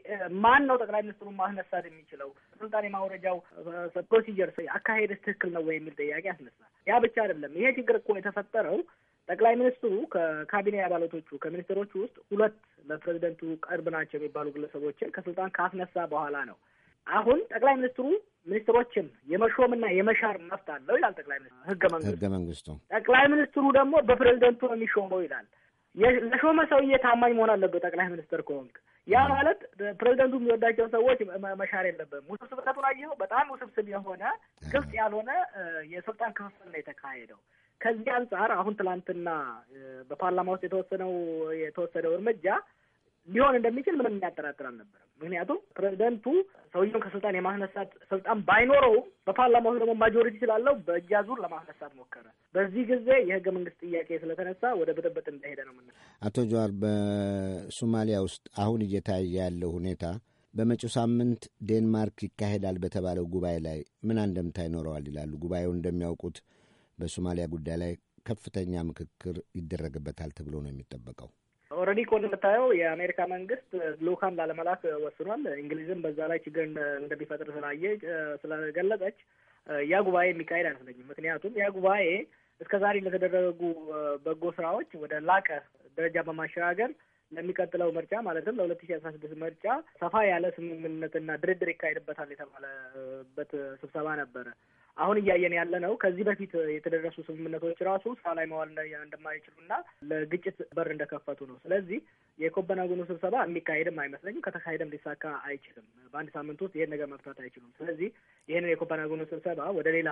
ማን ነው ጠቅላይ ሚኒስትሩን ማስነሳት የሚችለው? ስልጣን የማውረጃው ፕሮሲጀር አካሄድ ትክክል ነው ወይ የሚል ጥያቄ ያስነሳል። ያ ብቻ አይደለም። ይሄ ችግር እኮ የተፈጠረው ጠቅላይ ሚኒስትሩ ከካቢኔ አባላቶቹ ከሚኒስትሮቹ ውስጥ ሁለት ለፕሬዚደንቱ ቅርብ ናቸው የሚባሉ ግለሰቦችን ከስልጣን ካስነሳ በኋላ ነው። አሁን ጠቅላይ ሚኒስትሩ ሚኒስትሮችን የመሾምና የመሻር መብት አለው ይላል ጠቅላይ ሚኒስትሩ ህገ መንግስት ህገ መንግስቱ። ጠቅላይ ሚኒስትሩ ደግሞ በፕሬዚደንቱ ነው የሚሾመው ይላል። ለሾመ ሰውዬ ታማኝ መሆን አለበት ጠቅላይ ሚኒስትር ከሆንክ። ያ ማለት ፕሬዚደንቱ የሚወዳቸው ሰዎች መሻር የለበትም። ውስብስብነቱን አየኸው። በጣም ውስብስብ የሆነ ግልጽ ያልሆነ የስልጣን ክፍፍል ነው የተካሄደው። ከዚህ አንጻር አሁን ትላንትና በፓርላማ ውስጥ የተወሰነው የተወሰደው እርምጃ ሊሆን እንደሚችል ምንም የሚያጠራጥር አልነበረም። ምክንያቱም ፕሬዚደንቱ ሰውየውን ከስልጣን የማስነሳት ስልጣን ባይኖረውም በፓርላማ ውስጥ ደግሞ ማጆሪቲ ስላለው በእጃ ዙር ለማስነሳት ሞከረ። በዚህ ጊዜ የህገ መንግስት ጥያቄ ስለተነሳ ወደ ብጥብጥ እንደሄደ ነው ምን አቶ ጀዋር፣ በሶማሊያ ውስጥ አሁን እየታየ ያለው ሁኔታ በመጪው ሳምንት ዴንማርክ ይካሄዳል በተባለው ጉባኤ ላይ ምን አንደምታ ይኖረዋል ይላሉ? ጉባኤው እንደሚያውቁት በሶማሊያ ጉዳይ ላይ ከፍተኛ ምክክር ይደረግበታል ተብሎ ነው የሚጠበቀው። ኦልሬዲ እኮ እንደምታየው የአሜሪካ መንግስት ልኡካን ላለመላክ ወስኗል። እንግሊዝም በዛ ላይ ችግር እንደሚፈጥር ስላየ ስለገለጸች ያ ጉባኤ የሚካሄድ አይመስለኝም። ምክንያቱም ያ ጉባኤ እስከ ዛሬ ለተደረጉ በጎ ስራዎች ወደ ላቀ ደረጃ በማሸጋገር ለሚቀጥለው ምርጫ ማለትም ለሁለት ሺ አስራ ስድስት ምርጫ ሰፋ ያለ ስምምነትና ድርድር ይካሄድበታል የተባለበት ስብሰባ ነበረ። አሁን እያየን ያለ ነው። ከዚህ በፊት የተደረሱ ስምምነቶች ራሱ ስራ ላይ መዋል እንደማይችሉና ለግጭት በር እንደከፈቱ ነው። ስለዚህ የኮፐንሃገኑ ስብሰባ የሚካሄድም አይመስለኝም። ከተካሄደም ሊሳካ አይችልም። በአንድ ሳምንት ውስጥ ይሄን ነገር መፍታት አይችሉም። ስለዚህ ይህንን የኮፐንሃገኑ ስብሰባ ወደ ሌላ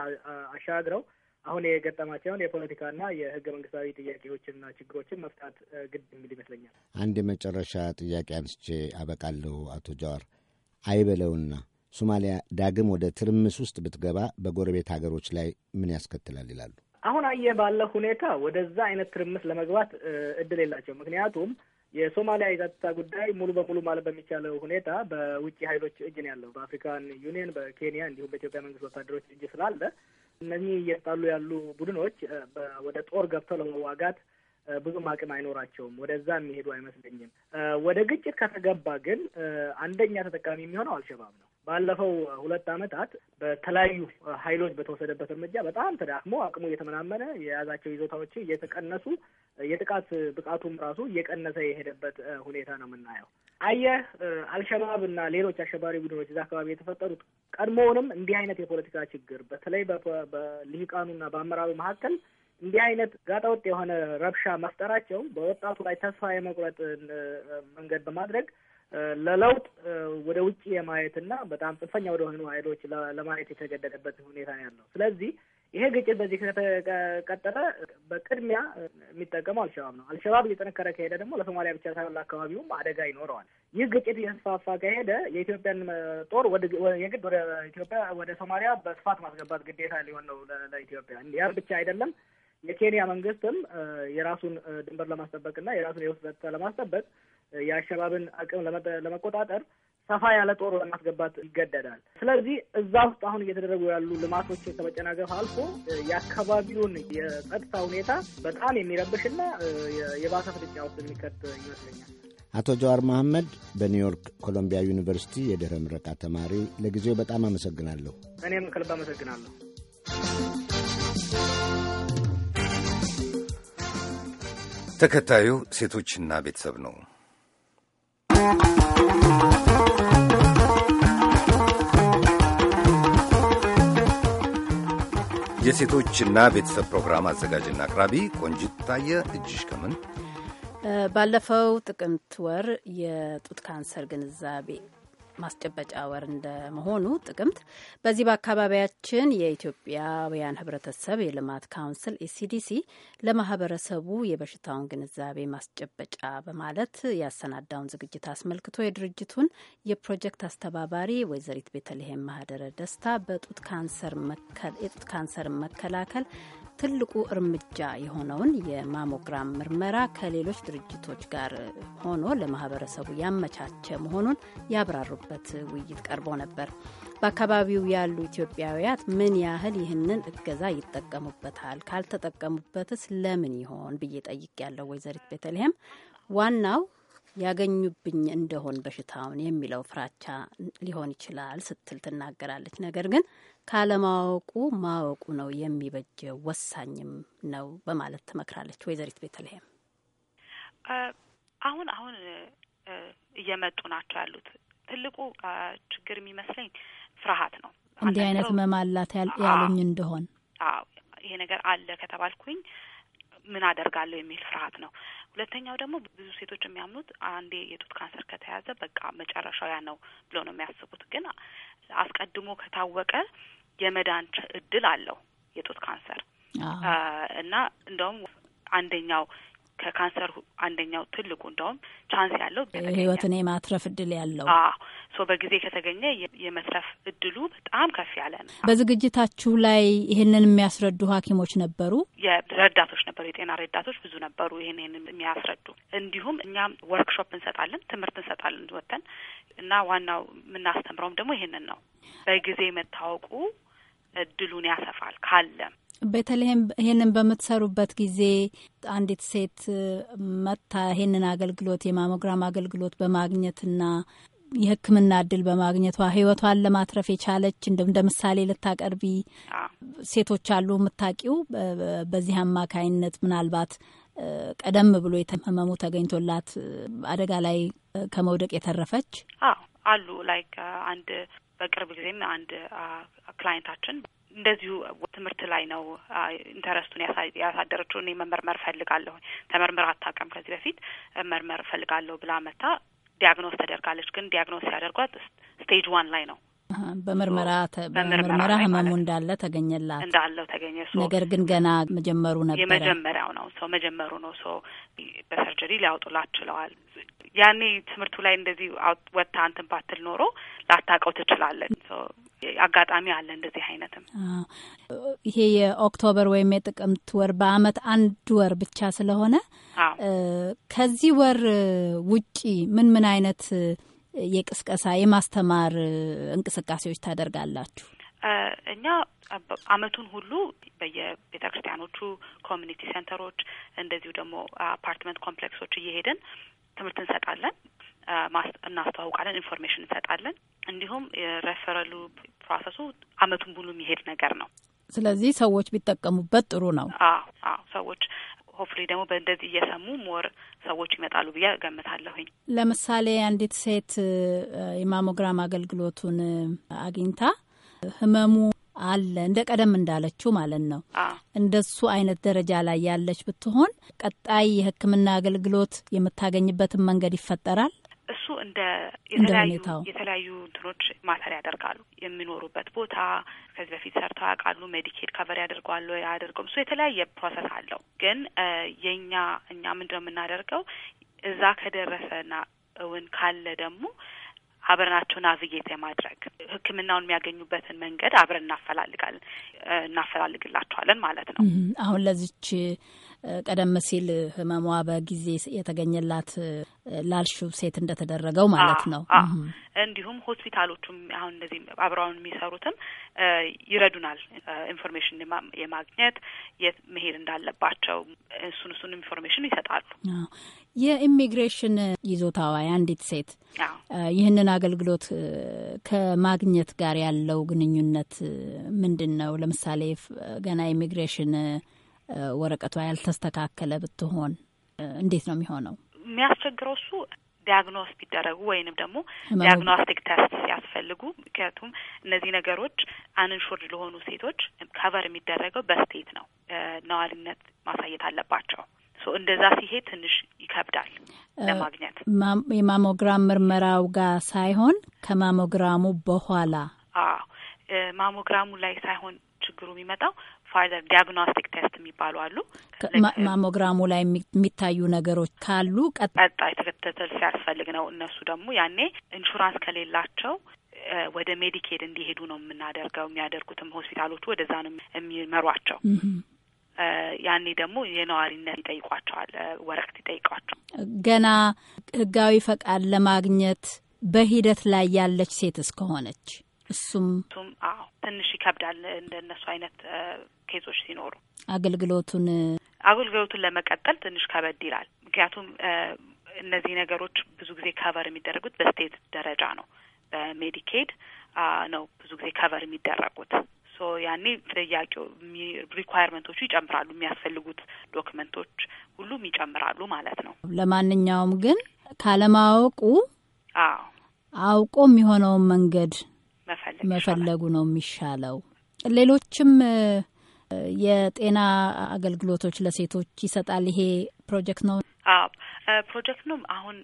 አሻግረው አሁን የገጠማቸውን የፖለቲካና የህገ መንግስታዊ ጥያቄዎችንና ችግሮችን መፍታት ግድ የሚል ይመስለኛል። አንድ የመጨረሻ ጥያቄ አንስቼ አበቃለሁ። አቶ ጃዋር አይበለውና ሶማሊያ ዳግም ወደ ትርምስ ውስጥ ብትገባ በጎረቤት ሀገሮች ላይ ምን ያስከትላል ይላሉ? አሁን አየ ባለው ሁኔታ ወደዛ አይነት ትርምስ ለመግባት እድል የላቸው። ምክንያቱም የሶማሊያ የጸጥታ ጉዳይ ሙሉ በሙሉ ማለት በሚቻለው ሁኔታ በውጭ ሀይሎች እጅ ነው ያለው። በአፍሪካን ዩኒየን፣ በኬንያ እንዲሁም በኢትዮጵያ መንግስት ወታደሮች እጅ ስላለ እነዚህ እየጣሉ ያሉ ቡድኖች ወደ ጦር ገብተው ለመዋጋት ብዙም አቅም አይኖራቸውም። ወደዛ የሚሄዱ አይመስለኝም። ወደ ግጭት ከተገባ ግን አንደኛ ተጠቃሚ የሚሆነው አልሸባብ ነው። ባለፈው ሁለት ዓመታት በተለያዩ ኃይሎች በተወሰደበት እርምጃ በጣም ተዳክሞ አቅሙ እየተመናመነ የያዛቸው ይዞታዎች እየተቀነሱ የጥቃት ብቃቱም ራሱ እየቀነሰ የሄደበት ሁኔታ ነው የምናየው። አየህ አልሸባብ እና ሌሎች አሸባሪ ቡድኖች እዛ አካባቢ የተፈጠሩት ቀድሞውንም እንዲህ አይነት የፖለቲካ ችግር በተለይ በልሂቃኑና በአመራሩ መካከል እንዲህ አይነት ጋጠወጥ የሆነ ረብሻ መፍጠራቸው በወጣቱ ላይ ተስፋ የመቁረጥ መንገድ በማድረግ ለለውጥ ወደ ውጭ የማየትና በጣም ጽንፈኛ ወደሆኑ ኃይሎች ለማየት የተገደደበት ሁኔታ ነው ያለው። ስለዚህ ይሄ ግጭት በዚህ ከተቀጠለ በቅድሚያ የሚጠቀመው አልሸባብ ነው። አልሸባብ እየጠነከረ ከሄደ ደግሞ ለሶማሊያ ብቻ ሳይሆን ለአካባቢውም አደጋ ይኖረዋል። ይህ ግጭት እየተስፋፋ ከሄደ የኢትዮጵያን ጦር የግድ ወደ ኢትዮጵያ ወደ ሶማሊያ በስፋት ማስገባት ግዴታ ሊሆን ነው ለኢትዮጵያ። ያን ብቻ አይደለም የኬንያ መንግስትም የራሱን ድንበር ለማስጠበቅና የራሱን የውስጥ ጸጥታ ለማስጠበቅ የአሸባብን አቅም ለመቆጣጠር ሰፋ ያለ ጦር ለማስገባት ይገደዳል። ስለዚህ እዛ ውስጥ አሁን እየተደረጉ ያሉ ልማቶች ከመጨናገፍ አልፎ የአካባቢውን የጸጥታ ሁኔታ በጣም የሚረብሽና የባሰ ፍጥጫ ውስጥ የሚከት ይመስለኛል። አቶ ጀዋር መሐመድ በኒውዮርክ ኮሎምቢያ ዩኒቨርሲቲ የድህረ ምረቃ ተማሪ፣ ለጊዜው በጣም አመሰግናለሁ። እኔም ከልብ አመሰግናለሁ። ተከታዩ ሴቶችና ቤተሰብ ነው። የሴቶችና ቤተሰብ ፕሮግራም አዘጋጅና አቅራቢ ቆንጂት ታየ እጅሽ ከምን ባለፈው ጥቅምት ወር የጡት ካንሰር ግንዛቤ ማስጨበጫ ወር እንደመሆኑ ጥቅምት በዚህ በአካባቢያችን የኢትዮጵያውያን ህብረተሰብ የልማት ካውንስል ኢሲዲሲ ለማህበረሰቡ የበሽታውን ግንዛቤ ማስጨበጫ በማለት ያሰናዳውን ዝግጅት አስመልክቶ የድርጅቱን የፕሮጀክት አስተባባሪ ወይዘሪት ቤተልሔም ማህደረ ደስታ በጡት ካንሰር መከላከል ትልቁ እርምጃ የሆነውን የማሞግራም ምርመራ ከሌሎች ድርጅቶች ጋር ሆኖ ለማህበረሰቡ ያመቻቸ መሆኑን ያብራሩበት ውይይት ቀርቦ ነበር። በአካባቢው ያሉ ኢትዮጵያውያት ምን ያህል ይህንን እገዛ ይጠቀሙበታል? ካልተጠቀሙበትስ ለምን ይሆን ብዬ ጠይቅ ያለው ወይዘሪት ቤተልሔም ዋናው ያገኙብኝ እንደሆን በሽታውን የሚለው ፍራቻ ሊሆን ይችላል ስትል ትናገራለች። ነገር ግን ካለማወቁ ማወቁ ነው የሚበጀው፣ ወሳኝም ነው በማለት ትመክራለች። ወይዘሪት ቤተልሔም አሁን አሁን እየመጡ ናቸው ያሉት ትልቁ ችግር የሚመስለኝ ፍርሃት ነው። እንዲህ አይነት መማላት ያሉኝ እንደሆን ይሄ ነገር አለ ከተባልኩኝ ምን አደርጋለሁ የሚል ፍርሀት ነው። ሁለተኛው ደግሞ ብዙ ሴቶች የሚያምኑት አንዴ የጡት ካንሰር ከተያዘ በቃ መጨረሻው ያ ነው ብሎ ነው የሚያስቡት። ግን አስቀድሞ ከታወቀ የመዳን እድል አለው የጡት ካንሰር እና እንደውም አንደኛው ከካንሰር አንደኛው ትልቁ እንደውም ቻንስ ያለው ህይወትን የማትረፍ እድል ያለው ሶ በጊዜ ከተገኘ የመትረፍ እድሉ በጣም ከፍ ያለ ነው። በዝግጅታችሁ ላይ ይህንን የሚያስረዱ ሐኪሞች ነበሩ፣ የረዳቶች ነበሩ፣ የጤና ረዳቶች ብዙ ነበሩ ይህን ይህንን የሚያስረዱ እንዲሁም እኛም ወርክሾፕ እንሰጣለን፣ ትምህርት እንሰጣለን ወተን እና ዋናው የምናስተምረውም ደግሞ ይህንን ነው። በጊዜ መታወቁ እድሉን ያሰፋል ካለም በተለይም ይህንን በምትሰሩበት ጊዜ አንዲት ሴት መታ ይህንን አገልግሎት የማሞግራም አገልግሎት በማግኘትና የሕክምና እድል በማግኘቷ ህይወቷን ለማትረፍ የቻለች እንደም እንደ ምሳሌ ልታቀርቢ ሴቶች አሉ የምታቂው በዚህ አማካይነት ምናልባት ቀደም ብሎ የተመመሙ ተገኝቶላት አደጋ ላይ ከመውደቅ የተረፈች አሉ ላይክ አንድ በቅርብ ጊዜም አንድ ክላይንታችን እንደዚሁ ትምህርት ላይ ነው ኢንተረስቱን ያሳደረችው። እኔ መመርመር ፈልጋለሁ፣ ተመርምር አታውቅም ከዚህ በፊት መርመር ፈልጋለሁ ብላ መታ ዲያግኖስ ተደርጋለች። ግን ዲያግኖስ ሲያደርጓት ስቴጅ ዋን ላይ ነው በምርመራ በምርመራ ህመሙ እንዳለ ተገኘላት እንዳለው ተገኘ። ነገር ግን ገና መጀመሩ ነበር የመጀመሪያው ነው ሰው መጀመሩ ነው ሰው በሰርጀሪ ሊያውጡላት ችለዋል። ያኔ ትምህርቱ ላይ እንደዚህ ወጥታ እንትን ባትል ኖሮ ላታውቀው ትችላለን። አጋጣሚ አለ እንደዚህ አይነትም። ይሄ የኦክቶበር ወይም የጥቅምት ወር በአመት አንድ ወር ብቻ ስለሆነ ከዚህ ወር ውጪ ምን ምን አይነት የቅስቀሳ የማስተማር እንቅስቃሴዎች ታደርጋላችሁ? እኛ አመቱን ሁሉ በየቤተ ክርስቲያኖቹ ኮሚኒቲ ሴንተሮች፣ እንደዚሁ ደግሞ አፓርትመንት ኮምፕሌክሶች እየሄድን ትምህርት እንሰጣለን፣ እናስተዋውቃለን፣ ኢንፎርሜሽን እንሰጣለን። እንዲሁም የሬፈረሉ ፕሮሰሱ አመቱን ሙሉ የሚሄድ ነገር ነው። ስለዚህ ሰዎች ቢጠቀሙበት ጥሩ ነው። አዎ አዎ፣ ሰዎች ሆፍሪ ደግሞ በእንደዚህ እየሰሙ ሞር ሰዎች ይመጣሉ ብዬ ገምታለሁኝ። ለምሳሌ አንዲት ሴት የማሞግራም አገልግሎቱን አግኝታ ህመሙ አለ እንደ ቀደም እንዳለችው ማለት ነው። እንደሱ አይነት ደረጃ ላይ ያለች ብትሆን ቀጣይ የህክምና አገልግሎት የምታገኝበትን መንገድ ይፈጠራል። እሱ እንደ የተለያዩ የተለያዩ እንትኖች ማተር ያደርጋሉ። የሚኖሩበት ቦታ ከዚህ በፊት ሰርተው ያውቃሉ፣ ሜዲኬድ ከቨር ያደርጓሉ አያደርገውም። እሱ የተለያየ ፕሮሰስ አለው። ግን የእኛ እኛ ነው የምናደርገው እዛ ከደረሰና እውን ካለ ደግሞ አብረናቸው ናቪጌት የማድረግ ሕክምናውን የሚያገኙበትን መንገድ አብረን እናፈላልጋለን እናፈላልግላቸዋለን ማለት ነው። አሁን ለዚች ቀደም ሲል ህመሟ በጊዜ የተገኘላት ላልሹ ሴት እንደተደረገው ማለት ነው። እንዲሁም ሆስፒታሎቹም አሁን እነዚህ አብረውን የሚሰሩትም ይረዱናል። ኢንፎርሜሽን የማግኘት የት መሄድ እንዳለባቸው እሱን እሱን ኢንፎርሜሽን ይሰጣሉ። የኢሚግሬሽን ይዞታዋ የአንዲት ሴት ይህንን አገልግሎት ከማግኘት ጋር ያለው ግንኙነት ምንድን ነው? ለምሳሌ ገና ኢሚግሬሽን ወረቀቷ ያልተስተካከለ ብትሆን እንዴት ነው የሚሆነው? የሚያስቸግረው እሱ ዲያግኖስ ቢደረጉ ወይንም ደግሞ ዲያግኖስቲክ ቴስት ሲያስፈልጉ፣ ምክንያቱም እነዚህ ነገሮች አንንሹርድ ለሆኑ ሴቶች ከቨር የሚደረገው በስቴት ነው። ነዋሪነት ማሳየት አለባቸው። እንደዛ ሲሄድ ትንሽ ይከብዳል ለማግኘት። የማሞግራም ምርመራው ጋር ሳይሆን ከማሞግራሙ በኋላ ማሞግራሙ ላይ ሳይሆን ችግሩ የሚመጣው ፋርዘር ዲያግኖስቲክ ቴስት የሚባሉ አሉ። ማሞግራሙ ላይ የሚታዩ ነገሮች ካሉ ቀጣይ ክትትል ሲያስፈልግ ነው። እነሱ ደግሞ ያኔ ኢንሹራንስ ከሌላቸው ወደ ሜዲኬድ እንዲሄዱ ነው የምናደርገው። የሚያደርጉትም ሆስፒታሎቹ ወደዛ ነው የሚመሯቸው። ያኔ ደግሞ የነዋሪነት ይጠይቋቸዋል፣ ወረቀት ይጠይቋቸው። ገና ህጋዊ ፈቃድ ለማግኘት በሂደት ላይ ያለች ሴት እስከሆነች እሱም እሱም አዎ ትንሽ ይከብዳል። እንደነሱ አይነት ኬዞች ሲኖሩ አገልግሎቱን አገልግሎቱን ለመቀጠል ትንሽ ከበድ ይላል። ምክንያቱም እነዚህ ነገሮች ብዙ ጊዜ ከቨር የሚደረጉት በስቴት ደረጃ ነው፣ በሜዲኬድ ነው ብዙ ጊዜ ከቨር የሚደረጉት። ሶ ያኔ ጥያቄው ሪኳየርመንቶቹ ይጨምራሉ፣ የሚያስፈልጉት ዶክመንቶች ሁሉም ይጨምራሉ ማለት ነው። ለማንኛውም ግን ካለማወቁ አዎ አውቆ የሚሆነውን መንገድ መፈለጉ ነው የሚሻለው። ሌሎችም የጤና አገልግሎቶች ለሴቶች ይሰጣል ይሄ ፕሮጀክት ነው። አዎ ፕሮጀክት ነው። አሁን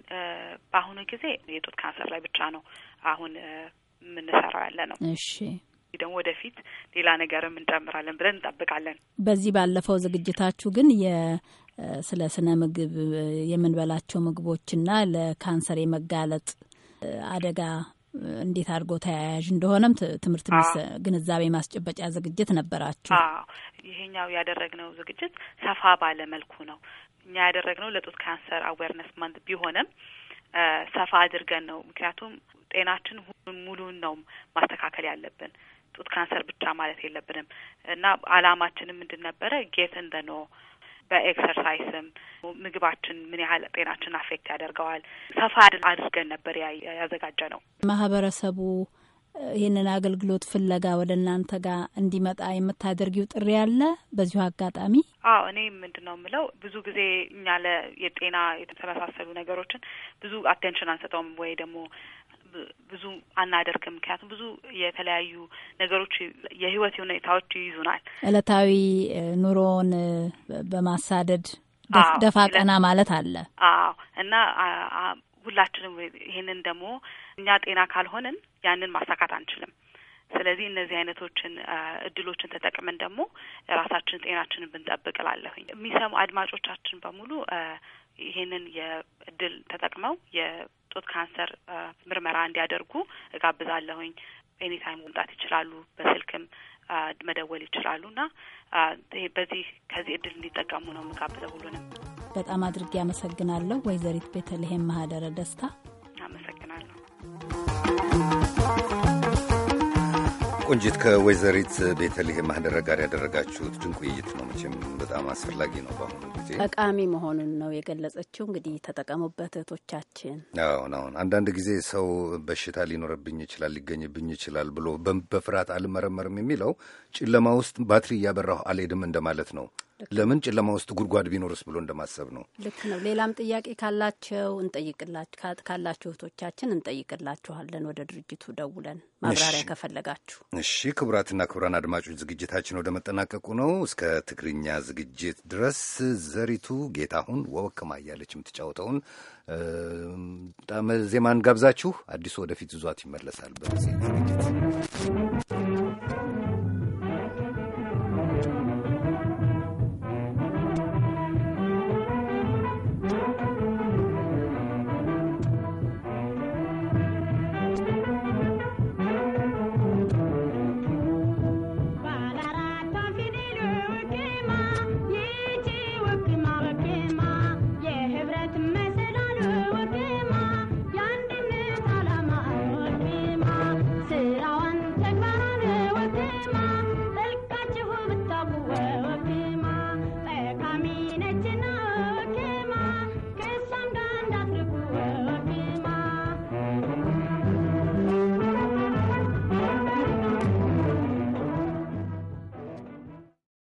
በአሁኑ ጊዜ የጡት ካንሰር ላይ ብቻ ነው አሁን የምንሰራው ያለ ነው። እሺ ደግሞ ወደፊት ሌላ ነገርም እንጨምራለን ብለን እንጠብቃለን። በዚህ ባለፈው ዝግጅታችሁ ግን ስለ ስነ ምግብ የምንበላቸው ምግቦችና ለካንሰር የመጋለጥ አደጋ እንዴት አድርጎ ተያያዥ እንደሆነም ትምህርት ግንዛቤ ማስጨበጫ ዝግጅት ነበራችሁ? ይሄኛው ያደረግነው ዝግጅት ሰፋ ባለ መልኩ ነው። እኛ ያደረግነው ለጡት ካንሰር አዌርነስ ማንት ቢሆንም ሰፋ አድርገን ነው። ምክንያቱም ጤናችን ሙሉን ነው ማስተካከል ያለብን ጡት ካንሰር ብቻ ማለት የለብንም እና አላማችንም ምንድን ነበረ ጌት እንደ በኤክሰርሳይስም ምግባችን ምን ያህል ጤናችን አፌክት ያደርገዋል ሰፋ አድርገን ነበር ያዘጋጀ ነው። ማህበረሰቡ ይህንን አገልግሎት ፍለጋ ወደ እናንተ ጋር እንዲመጣ የምታደርጊው ጥሪ አለ? በዚሁ አጋጣሚ አዎ፣ እኔ ምንድን ነው የምለው ብዙ ጊዜ እኛ ለየጤና የተመሳሰሉ ነገሮችን ብዙ አቴንሽን አንሰጠውም ወይ ደግሞ ብዙ አናደርግም። ምክንያቱም ብዙ የተለያዩ ነገሮች የህይወት ሁኔታዎች ይይዙናል። እለታዊ ኑሮውን በማሳደድ ደፋ ቀና ማለት አለ። አዎ እና ሁላችንም ይህንን ደግሞ እኛ ጤና ካልሆንን ያንን ማሳካት አንችልም። ስለዚህ እነዚህ አይነቶችን እድሎችን ተጠቅመን ደግሞ ራሳችን ጤናችንን ብንጠብቅ እላለሁኝ። የሚሰሙ አድማጮቻችን በሙሉ ይህንን የእድል ተጠቅመው የጡት ካንሰር ምርመራ እንዲያደርጉ እጋብዛለሁኝ። ኤኒታይም መምጣት ይችላሉ። በስልክም መደወል ይችላሉ እና በዚህ ከዚህ እድል እንዲጠቀሙ ነው የምጋብዘው ሁሉንም። በጣም አድርጌ አመሰግናለሁ። ወይዘሪት ቤተልሔም ማህደረ ደስታ ቆንጂት ከወይዘሪት ቤተልሔም ማህደረ ጋር ያደረጋችሁት ድንቅ ውይይት ነው። መቼም በጣም አስፈላጊ ነው በአሁኑ ጊዜ ጠቃሚ መሆኑን ነው የገለጸችው። እንግዲህ ተጠቀሙበት እህቶቻችን። አሁን አሁን አንዳንድ ጊዜ ሰው በሽታ ሊኖረብኝ ይችላል ሊገኝብኝ ይችላል ብሎ በፍርሃት አልመረመርም የሚለው ጨለማ ውስጥ ባትሪ እያበራሁ አልሄድም እንደማለት ነው። ለምን ጨለማ ውስጥ ጉድጓድ ቢኖርስ ብሎ እንደማሰብ ነው። ልክ ነው። ሌላም ጥያቄ ካላቸው ካላችሁ እህቶቻችን እንጠይቅላችኋለን፣ ወደ ድርጅቱ ደውለን ማብራሪያ ከፈለጋችሁ። እሺ፣ ክቡራትና ክቡራን አድማጮች ዝግጅታችን ወደ መጠናቀቁ ነው። እስከ ትግርኛ ዝግጅት ድረስ ዘሪቱ ጌታሁን ወወክማ እያለች የምትጫወተውን ጣመ ዜማን ጋብዛችሁ አዲሱ ወደፊት ይዟት ይመለሳል በዚህ ዝግጅት